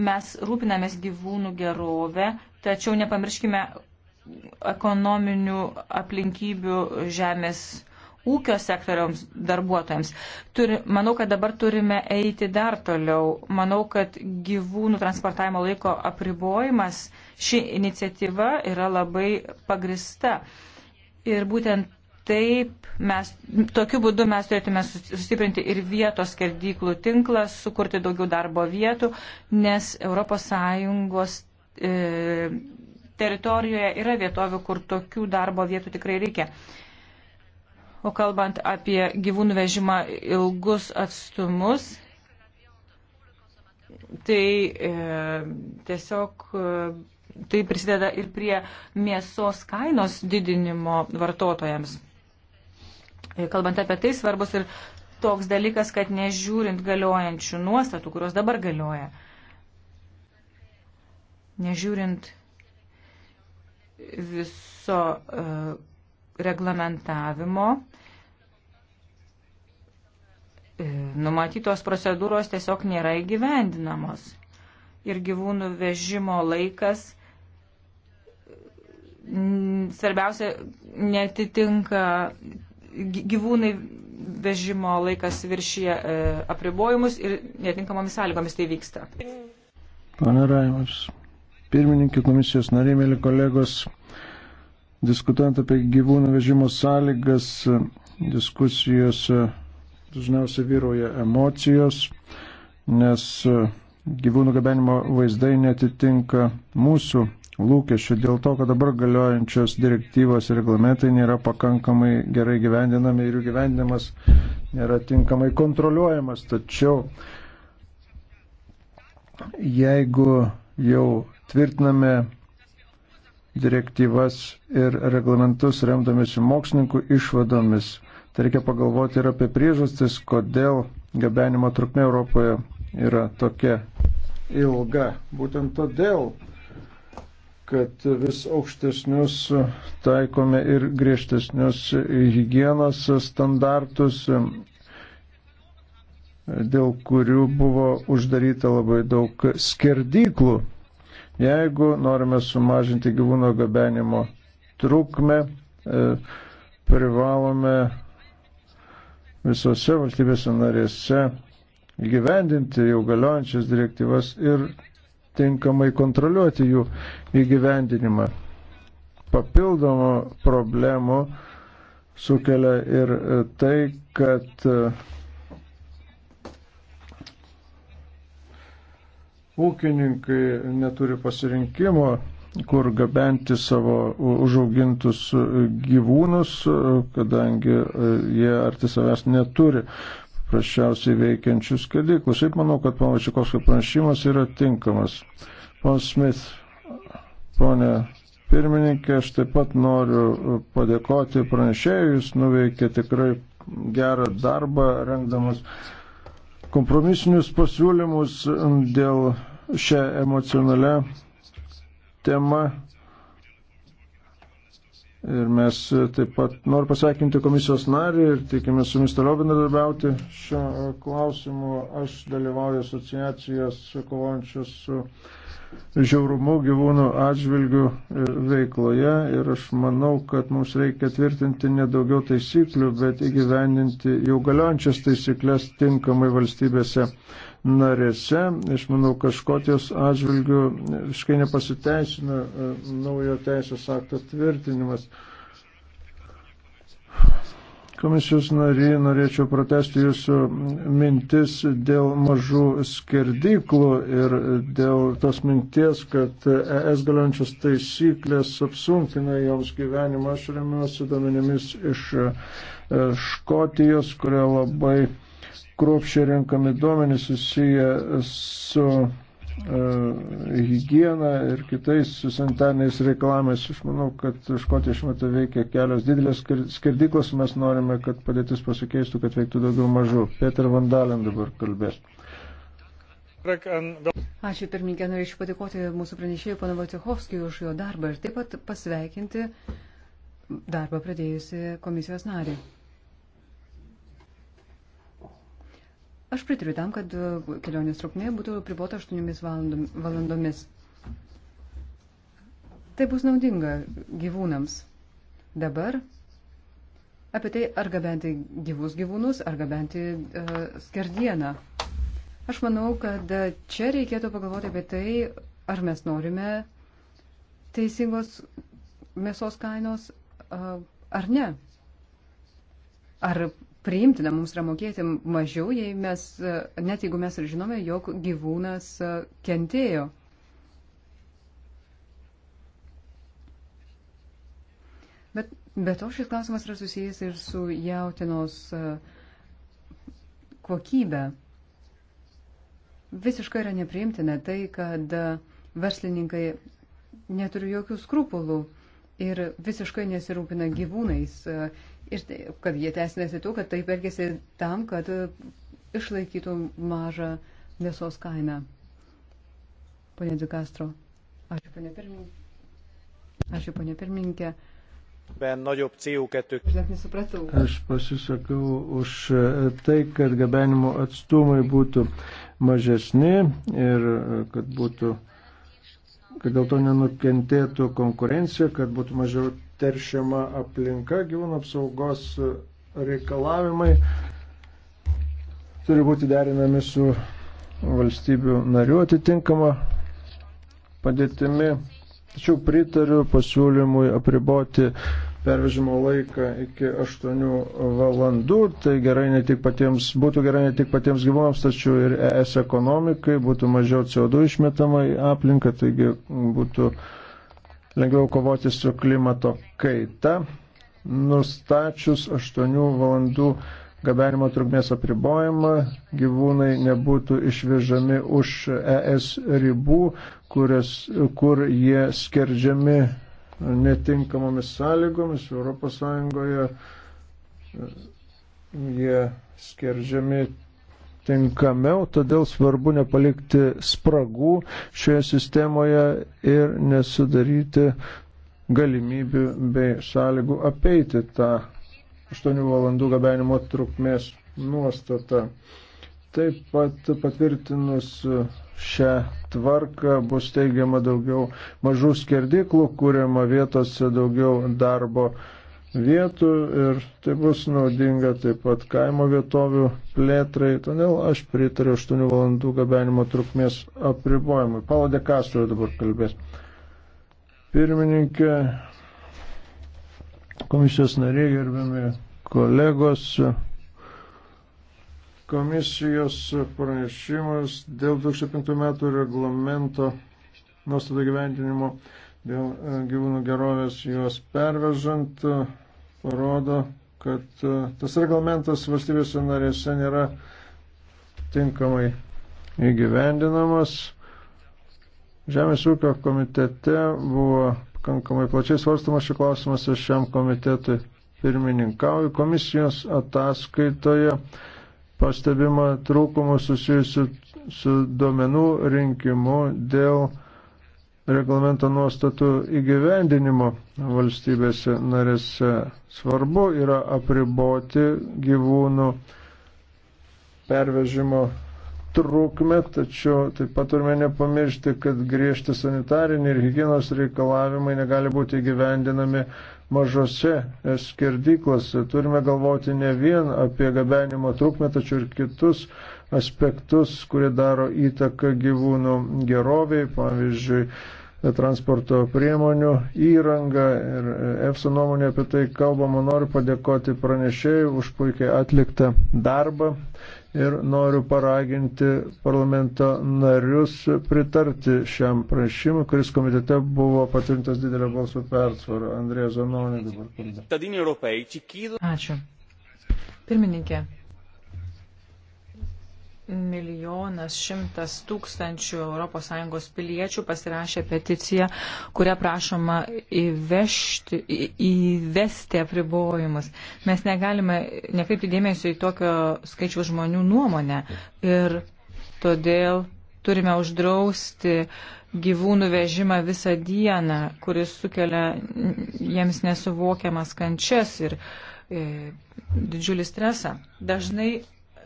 mes rūpinamės gyvūnų gerovę, tačiau nepamirškime ekonominių aplinkybių žemės ūkio sektoriaus darbuotojams. Turi, manau, kad dabar turime eiti dar toliau. Manau, kad gyvūnų transportavimo laiko apribojimas, ši iniciatyva yra labai pagrista. Ir būtent taip mes, tokiu būdu mes turėtume sustiprinti ir vietos skerdyklų tinklą, sukurti daugiau darbo vietų, nes ES e, teritorijoje yra vietovių, kur tokių darbo vietų tikrai reikia. O kalbant apie gyvūnų vežimą ilgus atstumus, tai e, tiesiog e, tai prisideda ir prie mėsos kainos didinimo vartotojams. E, kalbant apie tai, svarbus ir toks dalykas, kad nežiūrint galiojančių nuostatų, kurios dabar galioja, nežiūrint viso. E, reglamentavimo e, numatytos procedūros tiesiog nėra įgyvendinamos. Ir gyvūnų vežimo laikas svarbiausia netitinka gyvūnai vežimo laikas viršyje e, apribojimus ir netinkamomis sąlygomis tai vyksta. Pane Raimas, pirmininkė komisijos nariai, mėly kolegos, Diskutuojant apie gyvūnų vežimo sąlygas, diskusijose dažniausiai vyroja emocijos, nes gyvūnų gabenimo vaizdai netitinka mūsų lūkesčių dėl to, kad dabar galiojančios direktyvos ir reglamentai nėra pakankamai gerai gyvendinami ir jų gyvendinimas nėra tinkamai kontroliuojamas. Tačiau jeigu jau tvirtiname direktyvas ir reglamentus remdamėsi mokslininkų išvadomis. Tai reikia pagalvoti ir apie priežastis, kodėl gabenimo trukmė Europoje yra tokia ilga. Būtent todėl, kad vis aukštesnius taikome ir griežtesnius hygienos standartus, dėl kurių buvo uždaryta labai daug skerdyklų Jeigu norime sumažinti gyvūno gabenimo trukmę, e, privalome visose valstybėse narėse įgyvendinti jau galiojančias direktyvas ir tinkamai kontroliuoti jų įgyvendinimą. Papildomų problemų sukelia ir e, tai, kad e, ūkininkai neturi pasirinkimo, kur gabenti savo užaugintus e, gyvūnus, e, kadangi e, jie arti savęs neturi prasčiausiai veikiančių skadiklų. Šiaip manau, kad pono Čikovskio pranešimas yra tinkamas. Pon Smith, ponė pirmininkė, aš taip pat noriu padėkoti pranešėjui, jūs nuveikė tikrai gerą darbą, rengdamas kompromisinius pasiūlymus dėl šią emocionalią temą. Ir mes taip pat noriu pasveikinti komisijos narį ir tikimės su jumis toliau bendradarbiauti šio klausimu. Aš dalyvauju asociacijos kovojančios su žiaurumu gyvūnų atžvilgių e, veikloje ir aš manau, kad mums reikia tvirtinti ne daugiau taisyklių, bet įgyvendinti jau galiojančias taisyklės tinkamai valstybėse narėse. Aš manau, kad Škotijos atžvilgių visiškai nepasiteisina e, naujo teisės akto tvirtinimas. Komisijos nariai, norėčiau protesti jūsų mintis dėl mažų skerdiklų ir dėl tos minties, kad ES galiojančios taisyklės apsunkina joms gyvenimą. Aš remiuosi domenimis iš e, Škotijos, kurie labai kruopšiai renkami duomenys susiję su E, hygieną ir kitais sanitariniais reikalavimais. Aš manau, kad Škotija šiuo metu veikia kelios didelės skerdiklos, mes norime, kad padėtis pasikeistų, kad veiktų daugiau mažų. Peter Vandalin dabar kalbės. Ačiū pirmininkė, norėčiau padėkoti mūsų pranešėjui panu Vatihovskijui už jo darbą ir taip pat pasveikinti darbą pradėjusi komisijos narį. Aš pritariu tam, kad e, kelionės trukmė būtų pribota 8 valandomis. Tai bus naudinga gyvūnams. Dabar apie tai, ar gabenti gyvus gyvūnus, ar gabenti uh, skerdieną. Aš manau, kad e, čia reikėtų pagalvoti apie tai, ar mes norime teisingos mėsos kainos, uh, ar ne. Ar priimtina mums yra mokėti mažiau, jei mes, e, net jeigu mes ir žinome, jog gyvūnas e, kentėjo. Bet be to šis klausimas yra susijęs ir su jautinos e, kokybė. Visiškai yra nepriimtina tai, kad verslininkai neturi jokių skrupulų ir visiškai nesirūpina gyvūnais Ir tai, kad jie tęsinasi tuo, kad taip elgėsi tam, kad išlaikytų mažą mėsos kainą. Pone Dukastro. Ačiū, ponė pirmininkė. Ačiū, ponė pirmininkė. Ben nagyobb CO2. Aš pasisakau už e, tai, kad gabenimo atstumai būtų mažesni ir e, kad būtų kad dėl to nenukentėtų konkurencija, kad būtų mažiau teršiama aplinka, gyvūnų apsaugos reikalavimai turi būti derinami su valstybių narių atitinkama padėtimi. Tačiau pritariu pasiūlymui apriboti pervežimo laiką iki 8 valandų. Tai gerai ne tik patiems, būtų gerai ne tik patiems gyvūnams, tačiau ir ES ekonomikai, būtų mažiau CO2 išmetama į aplinką, taigi būtų uh, lengviau kovoti su klimato kaita, nustačius 8 valandų gabenimo trukmės apribojimą, gyvūnai nebūtų išvežami už ES ribų, kurias, kur jie skerdžiami netinkamomis sąlygomis. ES jie skerdžiami tinkamiau, todėl svarbu nepalikti spragų šioje sistemoje ir nesudaryti galimybių bei sąlygų apeiti tą 8 valandų gabenimo trukmės nuostatą. Taip pat patvirtinus šią tvarką bus teigiama daugiau mažų skerdiklų, kuriama vietose daugiau darbo vietų ir tai bus naudinga taip pat kaimo vietovių plėtrai. Todėl aš pritariu 8 valandų gabenimo trukmės apribojimui. Pavadė Kastro dabar kalbės. Pirmininkė, komisijos nariai, gerbiami kolegos, komisijos pranešimas dėl 2005 metų reglamento nuostatų gyventinimo dėl e, gyvūnų gerovės juos pervežant rodo, kad e, tas reglamentas valstybėse narėse nėra tinkamai įgyvendinamas. Žemės ūkio komitete buvo pakankamai plačiai svarstamas šį klausimas, aš šiam komitetui pirmininkauju. Komisijos ataskaitoje pastebima trūkumų susijusių su duomenų rinkimu dėl reglamento nuostatų įgyvendinimo valstybėse narėse. Svarbu yra apriboti gyvūnų pervežimo trukmę, tačiau taip pat turime nepamiršti, kad griežti sanitariniai ir hygienos reikalavimai negali būti gyvendinami mažose skerdyklose. Turime galvoti ne vien apie gabenimo trukmę, tačiau ir kitus aspektus, kurie daro įtaką gyvūnų geroviai, pavyzdžiui, transporto priemonių įrangą ir e, EFSA nuomonė apie tai kalbama. Noriu padėkoti pranešėjui už puikiai atliktą darbą ir noriu paraginti parlamento narius pritarti šiam pranešimui, kuris komitete buvo patvirtintas didelio balsų persvaro. Andrėja Zanonė dabar kalbėjo. Ačiū. Pirmininkė, milijonas šimtas tūkstančių ES piliečių pasirašė peticiją, kuria prašoma įvežti, į, įvesti apribojimus. Mes negalime nekreipti dėmesio į tokio skaičių žmonių nuomonę ir todėl turime uždrausti gyvūnų vežimą visą dieną, kuris sukelia jiems nesuvokiamas kančias ir e, didžiulį stresą. Dažnai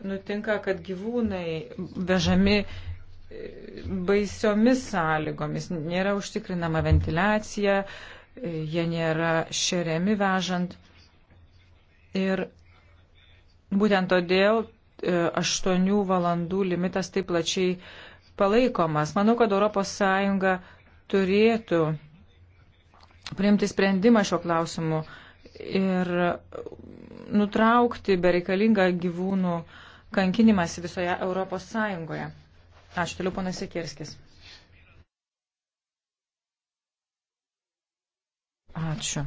nutinka, kad gyvūnai vežami e, baisiomis sąlygomis, nėra užtikrinama ventiliacija, e, jie nėra šeriami vežant. Ir būtent todėl e, aštuonių valandų limitas taip plačiai palaikomas. Manau, kad ES turėtų priimti sprendimą šio klausimu ir nutraukti bereikalingą gyvūnų uh, kankinimas visoje Europos Sąjungoje. Ačiū toliau, ponas Sekirskis. Ačiū.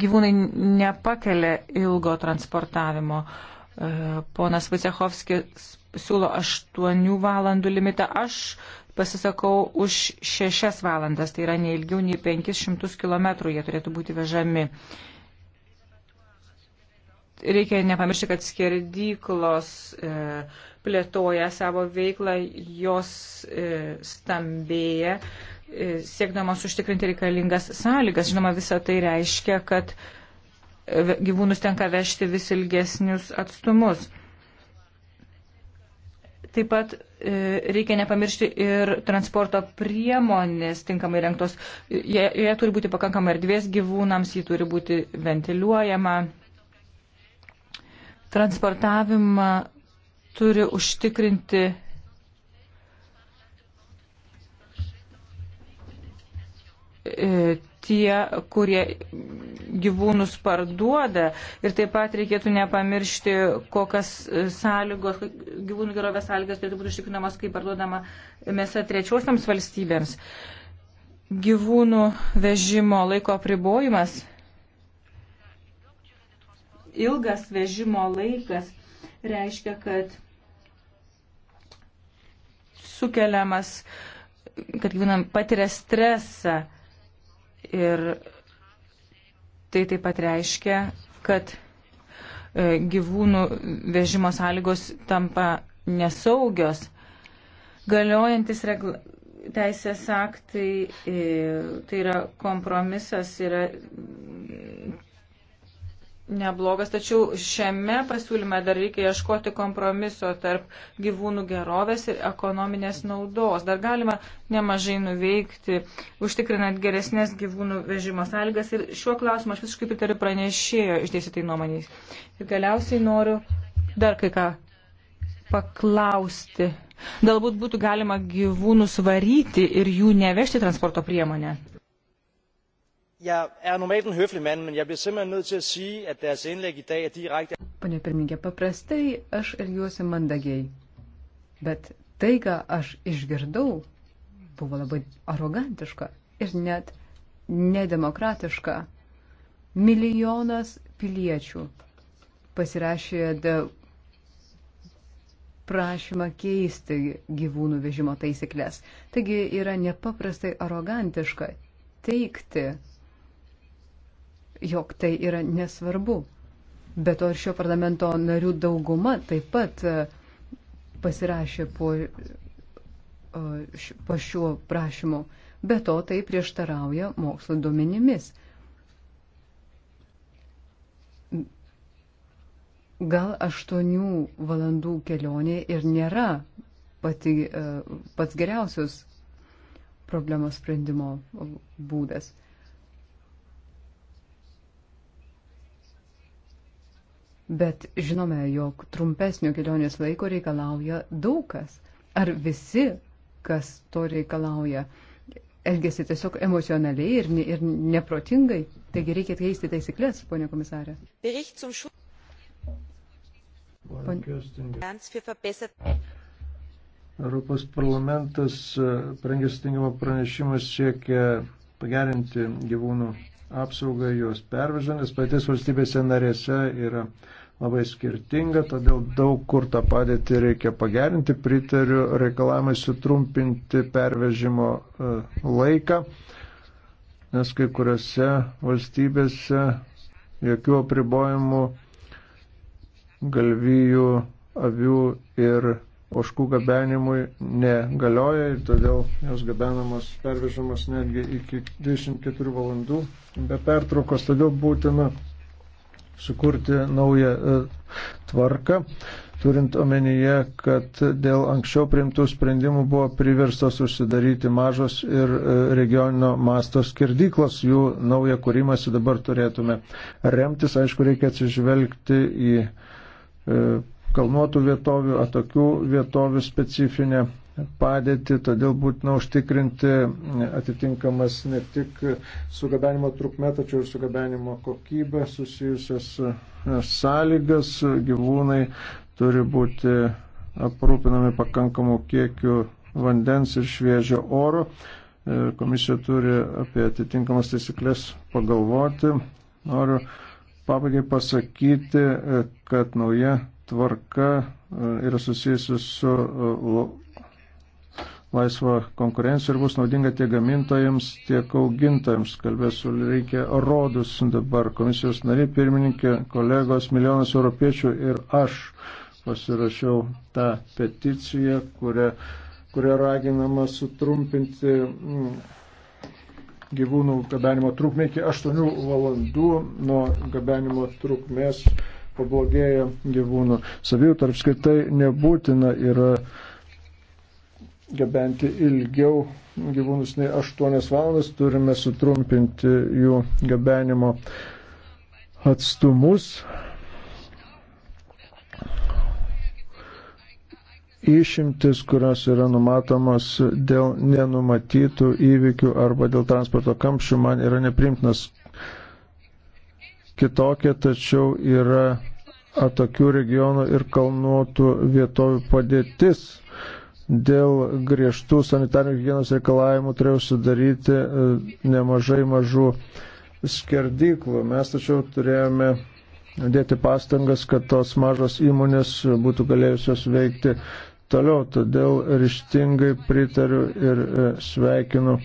Gyvūnai nepakelia ilgo transportavimo. E, ponas Vicechovskis siūlo 8 valandų limitą. Aš pasisakau už 6 valandas, tai yra neilgiau nei 500 km jie turėtų būti vežami. Uh, reikia nepamiršti, kad skerdyklos e, plėtoja savo veiklą, jos e, stambėja, e, siekdamos užtikrinti reikalingas sąlygas. Žinoma, visa tai reiškia, kad e, gyvūnus tenka vežti vis ilgesnius atstumus. Taip pat e, reikia nepamiršti ir transporto priemonės tinkamai renktos. Joje turi būti pakankamai erdvės gyvūnams, ji turi būti ventiliuojama. Transportavimą turi užtikrinti e, tie, kurie gyvūnus parduoda. Ir taip pat reikėtų nepamiršti, kokias sąlygos, gyvūnų gerovės sąlygos turėtų būti užtikrinamos, kai parduodama mėsa trečiosiams valstybėms. Gyvūnų vežimo laiko apribojimas ilgas vežimo laikas reiškia, kad sukeliamas, kad gyvenam patiria stresą ir tai taip pat reiškia, kad e, gyvūnų vežimo sąlygos tampa nesaugios. Galiojantis regla, teisės aktai, e, tai yra kompromisas, yra neblogas, tačiau šiame pasiūlyme dar reikia ieškoti kompromiso tarp gyvūnų gerovės ir ekonominės naudos. Dar galima nemažai nuveikti, užtikrinant geresnės gyvūnų vežimo sąlygas ir šiuo klausimu aš visiškai pritariu pranešėjo išdėsitai nuomonys. Ir galiausiai noriu dar kai ką paklausti. Galbūt būtų galima gyvūnus varyti ir jų nevežti transporto priemonę. Jeg er normalt en høflig mand, men jeg bliver simpelthen nødt til at sige, at deres indlæg i dag er direkte... Pane pirmininkė, paprastai aš elgiuosi mandagiai, bet tai, ką aš išgirdau, buvo labai arogantiška ir net nedemokratiška. Milijonas piliečių pasirašė prašymą keisti gyvūnų vežimo taisyklės. Taigi yra nepaprastai arogantiška teikti, jog tai yra nesvarbu. Bet to ir šio parlamento narių dauguma taip pat e, pasirašė po, e, po šiuo prašymu. Be to tai prieštarauja mokslo duomenimis. Gal aštuonių valandų kelionė ir nėra pati, e, pats geriausios problemos sprendimo būdas. bet žinome, jog trumpesnio kelionės laiko reikalauja daug kas. Ar visi, kas to reikalauja, elgesi tiesiog emocionaliai ir, ir neprotingai? Taigi reikia keisti taisyklės, ponė komisarė. Pon... Europos parlamentas, e, prangestingumo pranešimas siekia pagerinti gyvūnų apsaugą juos perveža, nes patys valstybėse narėse yra labai skirtinga, todėl daug kur tą padėtį reikia pagerinti, pritariu reikalavimai sutrumpinti pervežimo e, laiką, nes kai kuriuose valstybėse jokių apribojimų galvijų, avių ir oškų gabenimui negalioja ir todėl jos gabenamos, pervežamos netgi iki 24 valandų be pertraukos, todėl būtina sukurti naują e, tvarką, turint omenyje, kad dėl anksčiau priimtų sprendimų buvo priverstos užsidaryti mažos ir e, regioninio masto skirdyklos, jų naują kūrimąsi dabar turėtume remtis, aišku, reikia atsižvelgti į e, kalnuotų vietovių, atokių vietovių specifinę padėtį, todėl būtina užtikrinti atitinkamas ne tik sugabenimo trukmę, tačiau ir sugabenimo kokybę susijusias e, sąlygas. Gyvūnai turi būti aprūpinami pakankamų kiekių vandens ir šviežio oro. E, komisija turi apie atitinkamas taisyklės pagalvoti. Noriu pabaigai pasakyti, e, kad nauja tvarka e, yra susijusi su e, laisva konkurencija ir bus naudinga tiek gamintojams, tiek augintojams. Kalbėsiu, reikia rodus dabar komisijos nariai, pirmininkė, kolegos, milijonas europiečių ir aš pasirašiau tą peticiją, kurią, kurią raginama sutrumpinti mm, gyvūnų gabenimo trukmė iki 8 valandų nuo gabenimo trukmės pablogėja gyvūnų savijūta, apskritai nebūtina yra gabenti ilgiau gyvūnus nei 8 valandas, turime sutrumpinti jų gabenimo atstumus. Išimtis, kurios yra numatomos dėl nenumatytų įvykių arba dėl transporto kamščių, man yra neprimtinas kitokia, tačiau yra atokių regionų ir kalnuotų vietovių padėtis. Dėl griežtų sanitarinių hygienos reikalavimų turėjau sudaryti e, nemažai mažų skerdyklų. Mes tačiau turėjome dėti pastangas, kad tos mažos įmonės būtų galėjusios veikti toliau. Todėl ryštingai pritariu ir e, sveikinu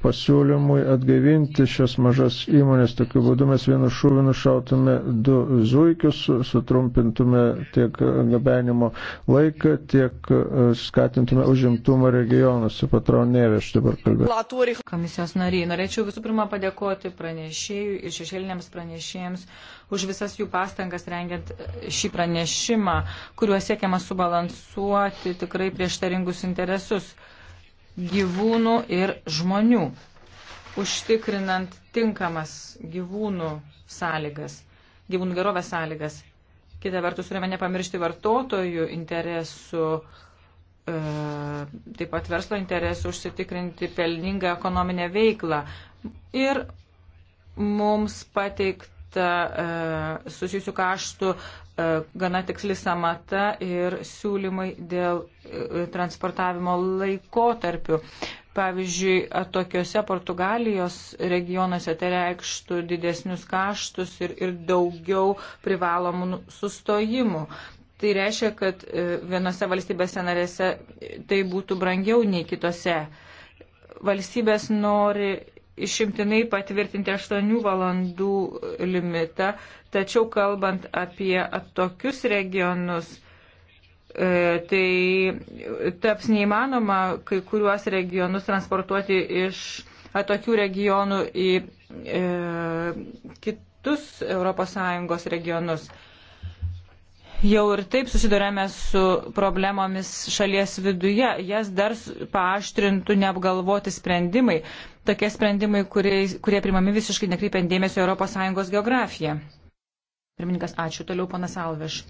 pasiūlymui atgaivinti šias mažas įmonės. Tokiu būdu mes vienu šūviu nušautume du zuikius, sutrumpintume tiek gabenimo laiką, tiek e, skatintume užimtumą regionuose. Patronėvė, aš dabar kalbėjau. Komisijos nariai, norėčiau visų pirma padėkoti pranešėjui ir šešėliniams pranešėjams už visas jų pastangas rengiant šį pranešimą, kuriuo siekiama subalansuoti tikrai prieštaringus interesus gyvūnų ir žmonių, užtikrinant tinkamas gyvūnų sąlygas, gyvūnų gerovės sąlygas. Kita vertus, turime nepamiršti vartotojų interesų, e, taip pat verslo interesų užsitikrinti pelningą ekonominę veiklą. Ir mums pateikta e, susijusių kaštų E, gana tiksli samata ir siūlymai dėl e, transportavimo laikotarpių. Pavyzdžiui, tokiuose Portugalijos regionuose tai reikštų didesnius kaštus ir, ir daugiau privalomų nu, sustojimų. Tai reiškia, kad e, vienose valstybėse narėse tai būtų brangiau nei kitose. Valstybės nori išimtinai patvirtinti 8 valandų limitą, tačiau kalbant apie tokius regionus, e, tai taps neįmanoma kai kuriuos regionus transportuoti iš tokių regionų į e, kitus ES regionus jau ir taip susidurėme su problemomis šalies viduje, jas dar paaštrintų neapgalvoti sprendimai, tokie sprendimai, kurie, kurie primami visiškai nekreipiant dėmesio ES geografiją. Pirmininkas, ačiū. Toliau panas Alveš.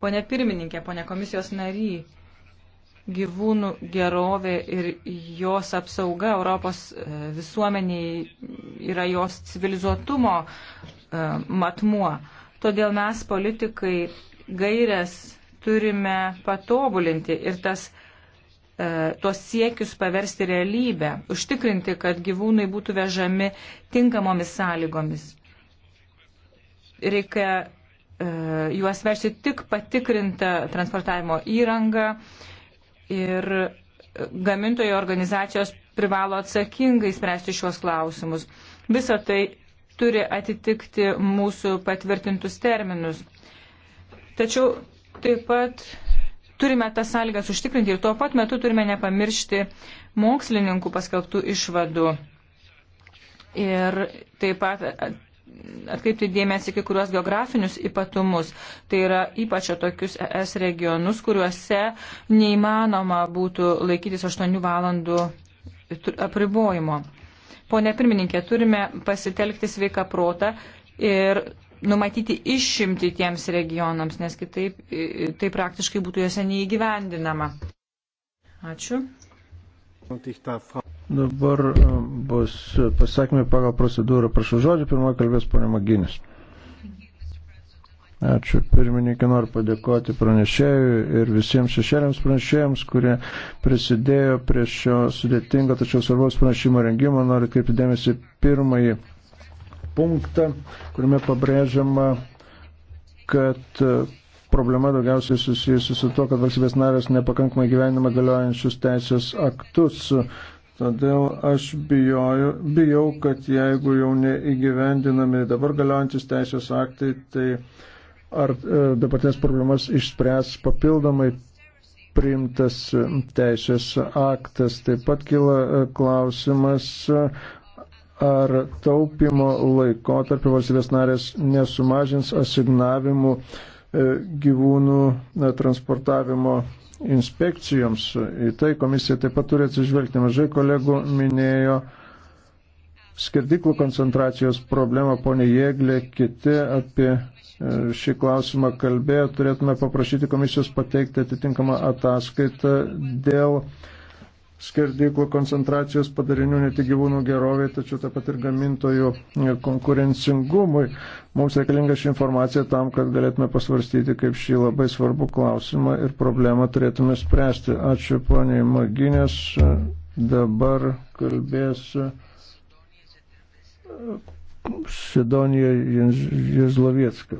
Pone pirmininkė, pone komisijos nary, gyvūnų gerovė ir jos apsauga Europos e, visuomeniai yra jos civilizuotumo e, matmuo. Todėl mes, politikai, gairias turime patobulinti ir tas, e, tuos siekius paversti realybę, užtikrinti, kad gyvūnai būtų vežami tinkamomis sąlygomis. Reikia e, juos vežti tik patikrintą transportavimo įrangą ir gamintojo organizacijos privalo atsakingai spręsti šios klausimus. Visą tai turi atitikti mūsų patvirtintus terminus. Tačiau taip pat turime tas sąlygas užtikrinti ir tuo pat metu turime nepamiršti mokslininkų paskelbtų išvadų. Ir taip pat atkreipti dėmesį kai kuriuos geografinius ypatumus. Tai yra ypač tokius ES regionus, kuriuose neįmanoma būtų laikytis 8 valandų apribojimo. Pone pirmininkė, turime pasitelkti sveiką protą ir numatyti išimti tiems regionams, nes kitaip tai praktiškai būtų juose neįgyvendinama. Ačiū. Dabar e, bus pasakymai pagal procedūrą. Prašau žodžio, pirmoji kalbės ponė Maginis. Ačiū pirmininkė, noriu padėkoti pranešėjui ir visiems šešėliams pranešėjams, kurie prisidėjo prie šio sudėtingo, tačiau svarbos pranešimo rengimo. Noriu kaip dėmesį pirmąjį punktą, kuriame pabrėžiama, kad problema daugiausiai susijusi su to, kad valstybės narės nepakankamai gyvenimą galiojančius teisės aktus. Todėl aš bijoju, bijau, kad jeigu jau neįgyvendinami dabar galiojantis teisės aktai, tai ar e, dabartinės problemas išspręs papildomai priimtas teisės aktas. Taip pat kyla e, klausimas, ar taupimo laikotarpio valstybės narės nesumažins asignavimų e, gyvūnų transportavimo inspekcijoms. Į tai komisija taip pat turi atsižvelgti. Mažai kolegų minėjo, skerdiklų koncentracijos problemą, ponė Jėglė, kiti apie e, šį klausimą kalbėjo, turėtume paprašyti komisijos pateikti atitinkamą ataskaitą dėl skerdiklų koncentracijos padarinių ne tik gyvūnų geroviai, tačiau taip pat ir gamintojų konkurencingumui. Mums reikalinga ši informacija tam, kad galėtume pasvarstyti, kaip šį labai svarbų klausimą ir problemą turėtume spręsti. Ačiū poniai Maginės. Dabar kalbėsiu. Sidonija Jezlovietska.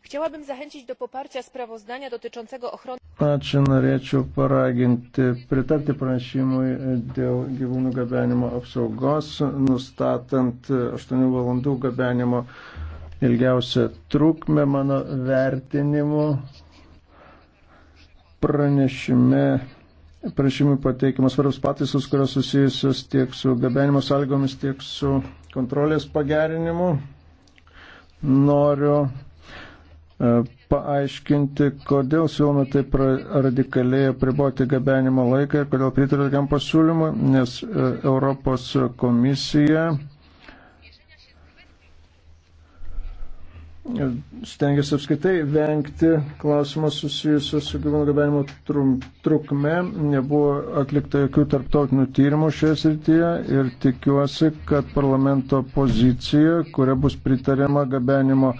Chciałabym zachęcić do poparcia sprawozdania dotyczącego ochrony. Ačiū norėčiau paraginti pritarti pranešimui dėl gyvūnų gabenimo apsaugos, nustatant 8 valandų gabenimo ilgiausią trukmę mano vertinimu pranešime prašymui pateikimas svarbus pataisos, kurios susijusios tiek su gabenimo sąlygomis, tiek su kontrolės pagerinimu. Noriu e, paaiškinti, kodėl siūlome taip radikaliai priboti gabenimo laiką ir kodėl pritariu tokiam pasiūlymui, nes e, Europos komisija stengiasi apskaitai vengti klausimą susijusiu su gyvūnų gabenimo trukme. Nebuvo atlikta jokių tarptautinių tyrimų šioje srityje ir tikiuosi, kad parlamento pozicija, kuria bus pritarima gabenimo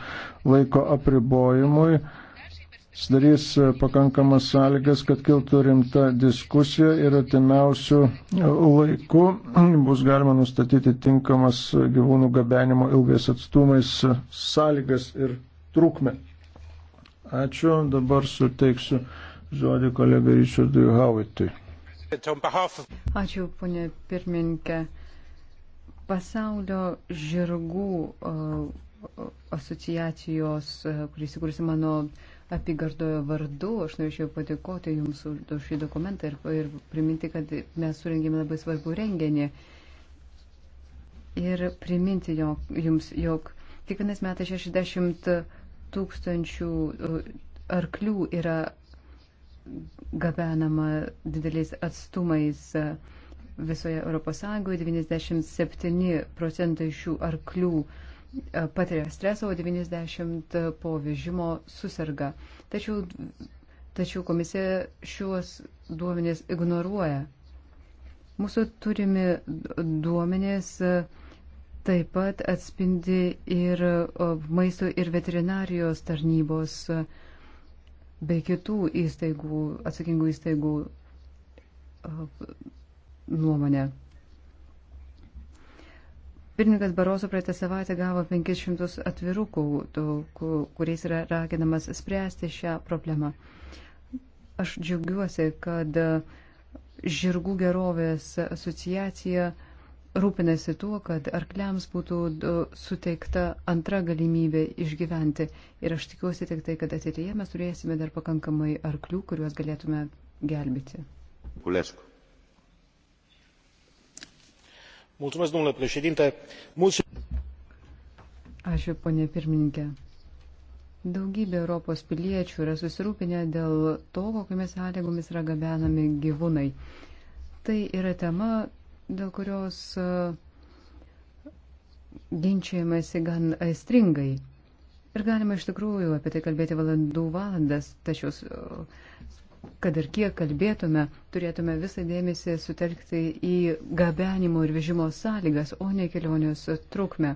laiko apribojimui, sudarys e, pakankamas sąlygas, kad kiltų rimta diskusija ir atimiausių e, laikų bus galima nustatyti tinkamas gyvūnų gabenimo ilgais atstumais sąlygas ir trukmę. Ačiū, dabar suteiksiu žodį kolegai Richardui Howitui. Ačiū, ponė pirmininkė. Pasaulio žirgų e, asociacijos, kuris įkūrėsi mano uh, apygardoje vardu. Aš norėčiau padėkoti Jums už šį dokumentą ir, ir priminti, kad mes surengėme labai svarbų renginį. Ir priminti jog, Jums, jog kiekvienas metas 60 tūkstančių uh, arklių yra gabenama dideliais atstumais uh, visoje Europos Sąjungoje, 97 procentai šių arklių uh, patiria stresą, o 90 po vežimo susirga. Tačiau, tačiau komisija šiuos duomenės ignoruoja. Mūsų turimi duomenės taip pat atspindi ir maisto ir veterinarijos tarnybos bei kitų įstaigų, atsakingų įstaigų nuomonę. Pirmininkas Baroso praeitą savaitę gavo 500 atvirukų, kuriais yra raginamas spręsti šią problemą. Aš džiaugiuosi, kad Žirgų gerovės asociacija rūpinasi tuo, kad arkliams būtų suteikta antra galimybė išgyventi. Ir aš tikiuosi tik tai, kad ateityje mes turėsime dar pakankamai arklių, kuriuos galėtume gelbėti. Kulesku. domnule președinte ačiū pone pirmininke daugybė europos piliečių yra susirūpinę dėl to kokiomis sąlygomis yra gabenami gyvūnai tai yra tema dėl kurios e, ginčiamasi gan aistringai ir galima iš tikrųjų apie tai kalbėti valandų valandas tačiau kad ir kiek kalbėtume, turėtume visą dėmesį sutelkti į gabenimo ir vežimo sąlygas, o ne kelionės trukmę.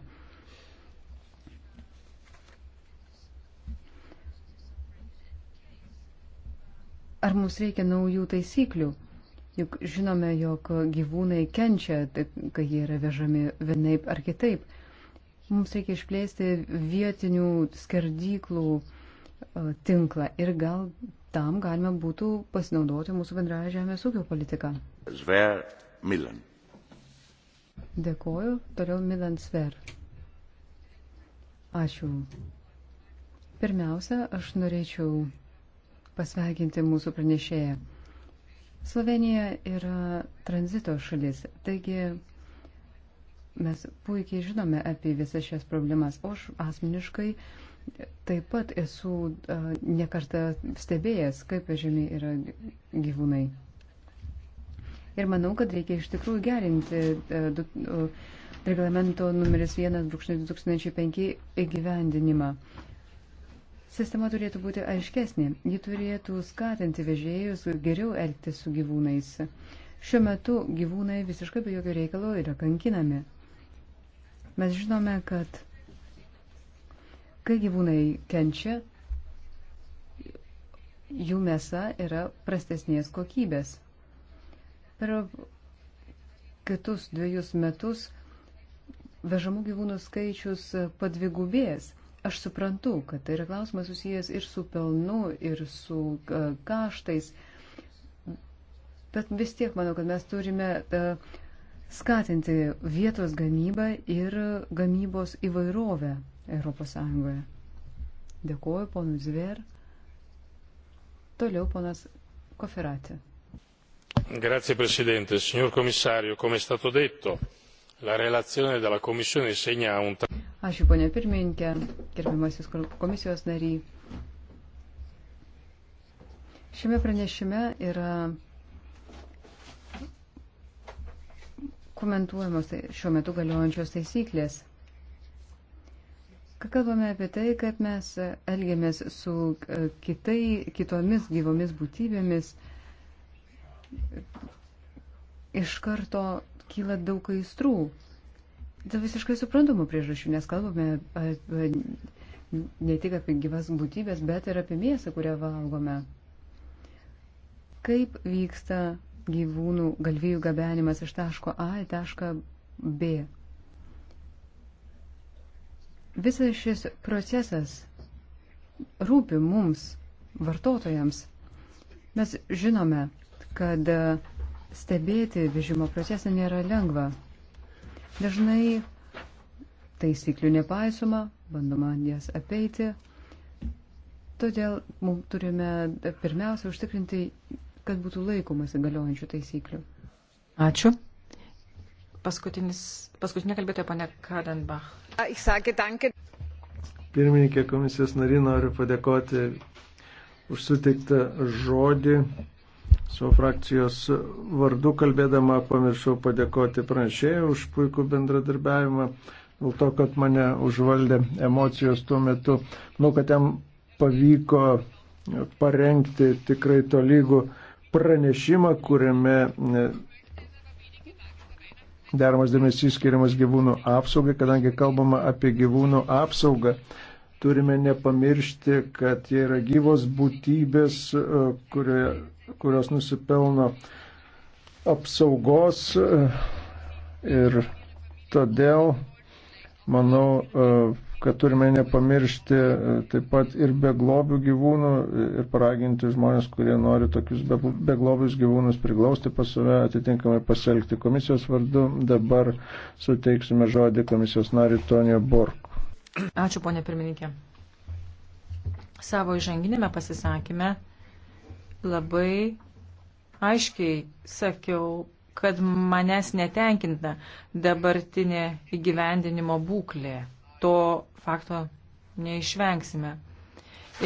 Ar mums reikia naujų taisyklių? Juk žinome, jog gyvūnai kenčia, kai jie yra vežami vienaip ar kitaip. Mums reikia išplėsti vietinių skerdyklų e, tinklą ir gal tam galima būtų pasinaudoti mūsų bendraja žemės ūkio politika. Sver Milan. Dėkoju. Toliau Milan Sver. Ačiū. Pirmiausia, aš norėčiau pasveikinti mūsų pranešėją. Slovenija yra tranzito šalis, taigi mes puikiai žinome apie visas šias problemas. O aš asmeniškai uh, Taip pat esu nekartą stebėjęs, kaip vežami yra gyvūnai. Ir manau, kad reikia iš tikrųjų gerinti reglamento numeris 1.2005 įgyvendinimą. Sistema turėtų būti aiškesnė. Ji turėtų skatinti vežėjus geriau elgtis su gyvūnais. Šiuo metu gyvūnai visiškai be jokio reikalo yra kankinami. Mes žinome, kad Kai gyvūnai kenčia, jų mėsa yra prastesnės kokybės. Per kitus dviejus metus vežamų gyvūnų skaičius padvigubės. Aš suprantu, kad tai yra klausimas susijęs ir su pelnu, ir su e, kaštais, bet vis tiek manau, kad mes turime e, skatinti vietos gamybą ir gamybos įvairovę. Europos Sąjungoje. Dėkuoju ponui Zver. Toliau ponas Koferati. Grazie Presidente. Signor Commissario, come è stato detto, la relazione della Commissione segna un... Ačiū ponia pirmininkė, gerbiamasis komisijos nariai. Šiame pranešime yra komentuojamos tai šiuo metu galiojančios taisyklės. Kai kalbame apie tai, kad mes elgiamės su e, kitai, kitomis gyvomis būtybėmis, iš karto kyla daug aistrų. Tai visiškai suprantamų priežasčių, nes kalbame apie, e, ne tik apie gyvas būtybės, bet ir apie mėsą, kurią valgome. Kaip vyksta gyvūnų galvijų gabenimas iš taško A į tašką B? Visas šis procesas rūpi mums, vartotojams. Mes žinome, kad stebėti vežimo procesą nėra lengva. Dažnai taisyklių nepaisoma, bandoma jas apeiti. Todėl mums turime pirmiausia užtikrinti, kad būtų laikomasi galiojančių taisyklių. Ačiū. Paskutinis, paskutinė kalbėtoja, pane Kadenbach. Ah, Pirmininkė komisijos nariai noriu padėkoti už sutiktą žodį. Savo frakcijos vardu kalbėdama pamiršau padėkoti pranešėjai už puikų bendradarbiavimą, dėl to, kad mane užvaldė emocijos tuo metu. Manau, kad jam pavyko parengti tikrai tolygų pranešimą, kuriame deramas dėmesys skiriamas gyvūnų apsaugai, kadangi kalbama apie gyvūnų apsaugą, turime nepamiršti, kad jie yra gyvos būtybės, e, kurie, kurios nusipelno apsaugos e, ir todėl, manau, e, kad turime nepamiršti e, taip pat ir beglobių gyvūnų ir paraginti žmonės, kurie nori tokius beglobius gyvūnus priglausti pas save, atitinkamai pasielgti komisijos vardu. Dabar suteiksime žodį komisijos nariui Tonio Bork. Ačiū, ponė pirmininkė. Savo įžanginėme pasisakime labai aiškiai sakiau, kad manęs netenkinta dabartinė įgyvendinimo būklė to fakto neišvengsime.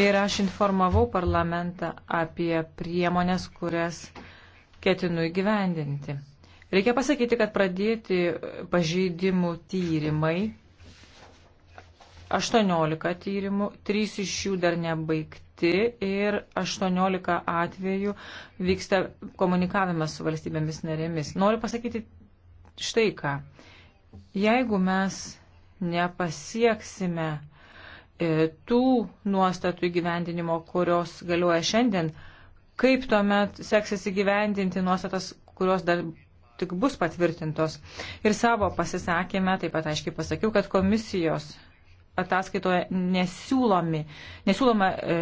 Ir aš informavau parlamentą apie priemonės, kurias ketinu įgyvendinti. Reikia pasakyti, kad pradėti pažeidimų tyrimai, 18 tyrimų, 3 iš jų dar nebaigti ir 18 atvejų vyksta komunikavimas su valstybėmis narėmis. Noriu pasakyti štai ką. Jeigu mes nepasieksime e, tų nuostatų įgyvendinimo, kurios galioja šiandien, kaip tuomet seksis įgyvendinti nuostatas, kurios dar tik bus patvirtintos. Ir savo pasisakėme, taip pat aiškiai pasakiau, kad komisijos ataskaitoje nesiūlomi, nesiūloma e,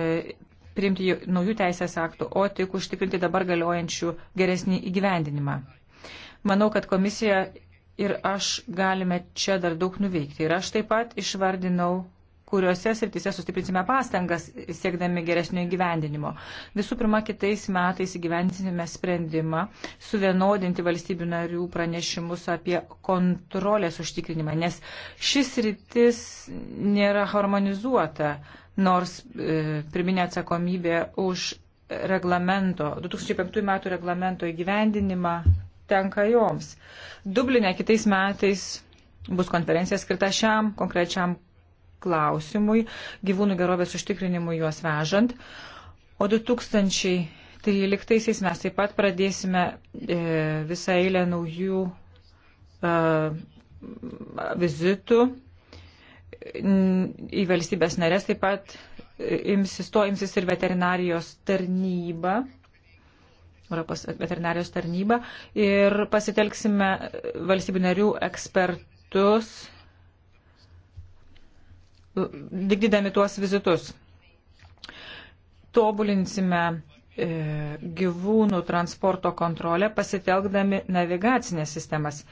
priimti naujų teisės aktų, o tik užtikrinti dabar galiojančių geresnį įgyvendinimą. Manau, kad komisija ir aš galime čia dar daug nuveikti. Ir aš taip pat išvardinau, kuriuose srityse sustiprinsime pastangas siekdami geresnio įgyvendinimo. Visų pirma, kitais metais įgyvendinsime sprendimą suvienodinti valstybių narių pranešimus apie kontrolės užtikrinimą, nes šis rytis nėra harmonizuota, nors e, priminė atsakomybė už reglamento, 2005 metų reglamento įgyvendinimą tenka joms. Dublinė kitais metais bus konferencija skirta šiam konkrečiam klausimui, gyvūnų gerovės užtikrinimui juos vežant. O 2013 mes taip pat pradėsime e, visą eilę naujų e, vizitų į valstybės narės, taip pat e, imsis, to imsis ir veterinarijos tarnyba Europos veterinarijos tarnybą ir pasitelksime valstybių narių ekspertus, vykdydami tuos vizitus. Tobulinsime e, gyvūnų transporto kontrolę pasitelkdami navigacinės sistemas.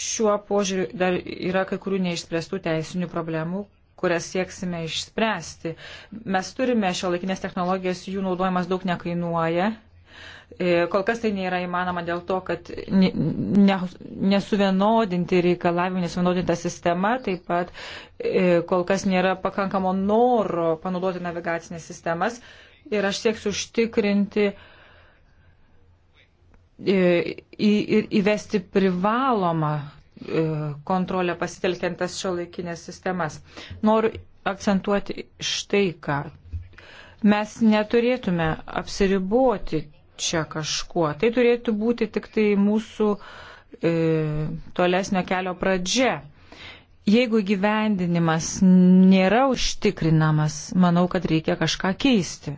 Šiuo požiūriu dar yra kai kurių neišspręstų teisinių problemų, kurias sieksime išspręsti. Mes turime šio laikinės technologijas, jų naudojimas daug nekainuoja E, kol kas tai nėra įmanoma dėl to, kad nesuvienodinti reikalavimai, nesuvienodinta sistema, taip pat e, kol kas nėra pakankamo noro panaudoti navigacinės sistemas. Ir aš sieksiu užtikrinti e, ir įvesti privalomą kontrolę pasitelkiant tas šio laikinės sistemas. Noriu akcentuoti štai ką. Mes neturėtume apsiriboti čia kažkuo. Tai turėtų būti tik tai mūsų e, tolesnio kelio pradžia. Jeigu gyvendinimas nėra užtikrinamas, manau, kad reikia kažką keisti.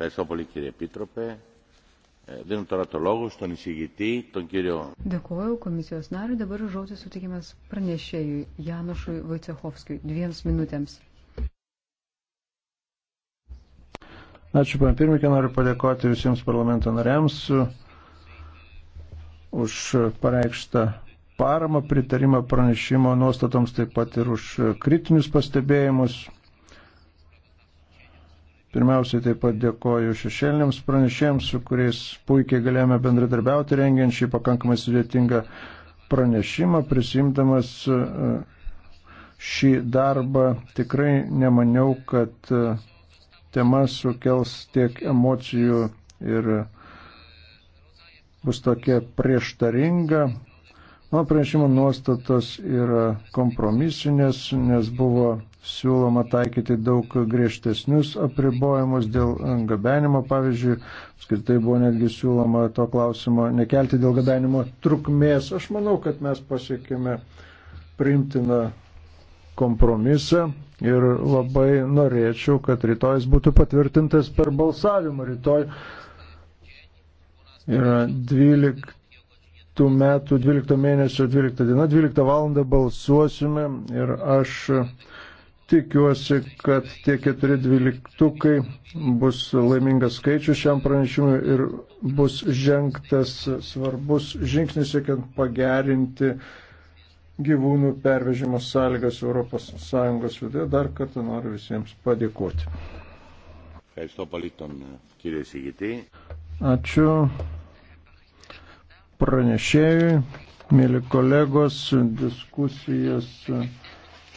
Dėkuoju komisijos nariui, dabar žodis sutikimas pranešėjui Janušui Vaicehovskijui dviems minutėms. Ačiū, pan pirmininkė, noriu padėkoti visiems parlamento nariams už pareikštą paramą, pritarimą pranešimo nuostatoms, taip pat ir už kritinius pastebėjimus. Pirmiausiai taip pat dėkoju šešėliniams pranešėjams, su kuriais puikiai galėjome bendradarbiauti rengiant šį pakankamai sudėtingą pranešimą, prisimdamas e, šį darbą. Tikrai nemaniau, kad e, tema sukels tiek emocijų ir bus tokia prieštaringa. Mano pranešimo nuostatos yra kompromisinės, nes buvo siūloma taikyti daug griežtesnius apribojimus dėl gabenimo, pavyzdžiui, skirtai buvo netgi siūloma to klausimo nekelti dėl gabenimo trukmės. Aš manau, kad mes pasiekime priimtiną kompromisą ir labai norėčiau, kad rytoj jis būtų patvirtintas per balsavimą. Rytoj yra 12 metų 12 mėnesio 12 diena, 12 valandą balsuosime ir aš tikiuosi, kad tie keturi dvyliktukai bus laimingas skaičius šiam pranešimui ir bus žengtas svarbus žingsnis siekiant pagerinti uh, gyvūnų pervežimo sąlygas ES viduje. Dar kartą noriu visiems padėkoti. Ačiū pranešėjui, mėly kolegos, diskusijas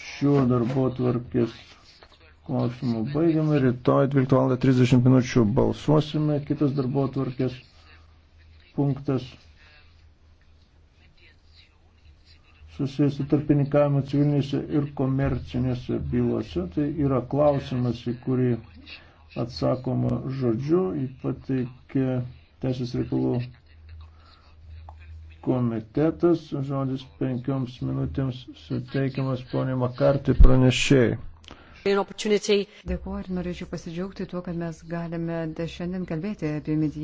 šiuo darbo tvarkės klausimu baigiame. Rytoj 12.30 min. balsuosime. Kitas darbo tvarkės punktas. susijęs su tarpininkavimu civilinėse ir komercinėse bylose. Tai yra klausimas, į kurį atsakoma žodžiu, jį pateikė Teisės reikalų komitetas, žodis penkioms minutėms suteikiamas ponė Makartį pranešėjai. Dėkuoju ir norėčiau pasidžiaugti tuo, kad mes galime šiandien kalbėti apie mediją.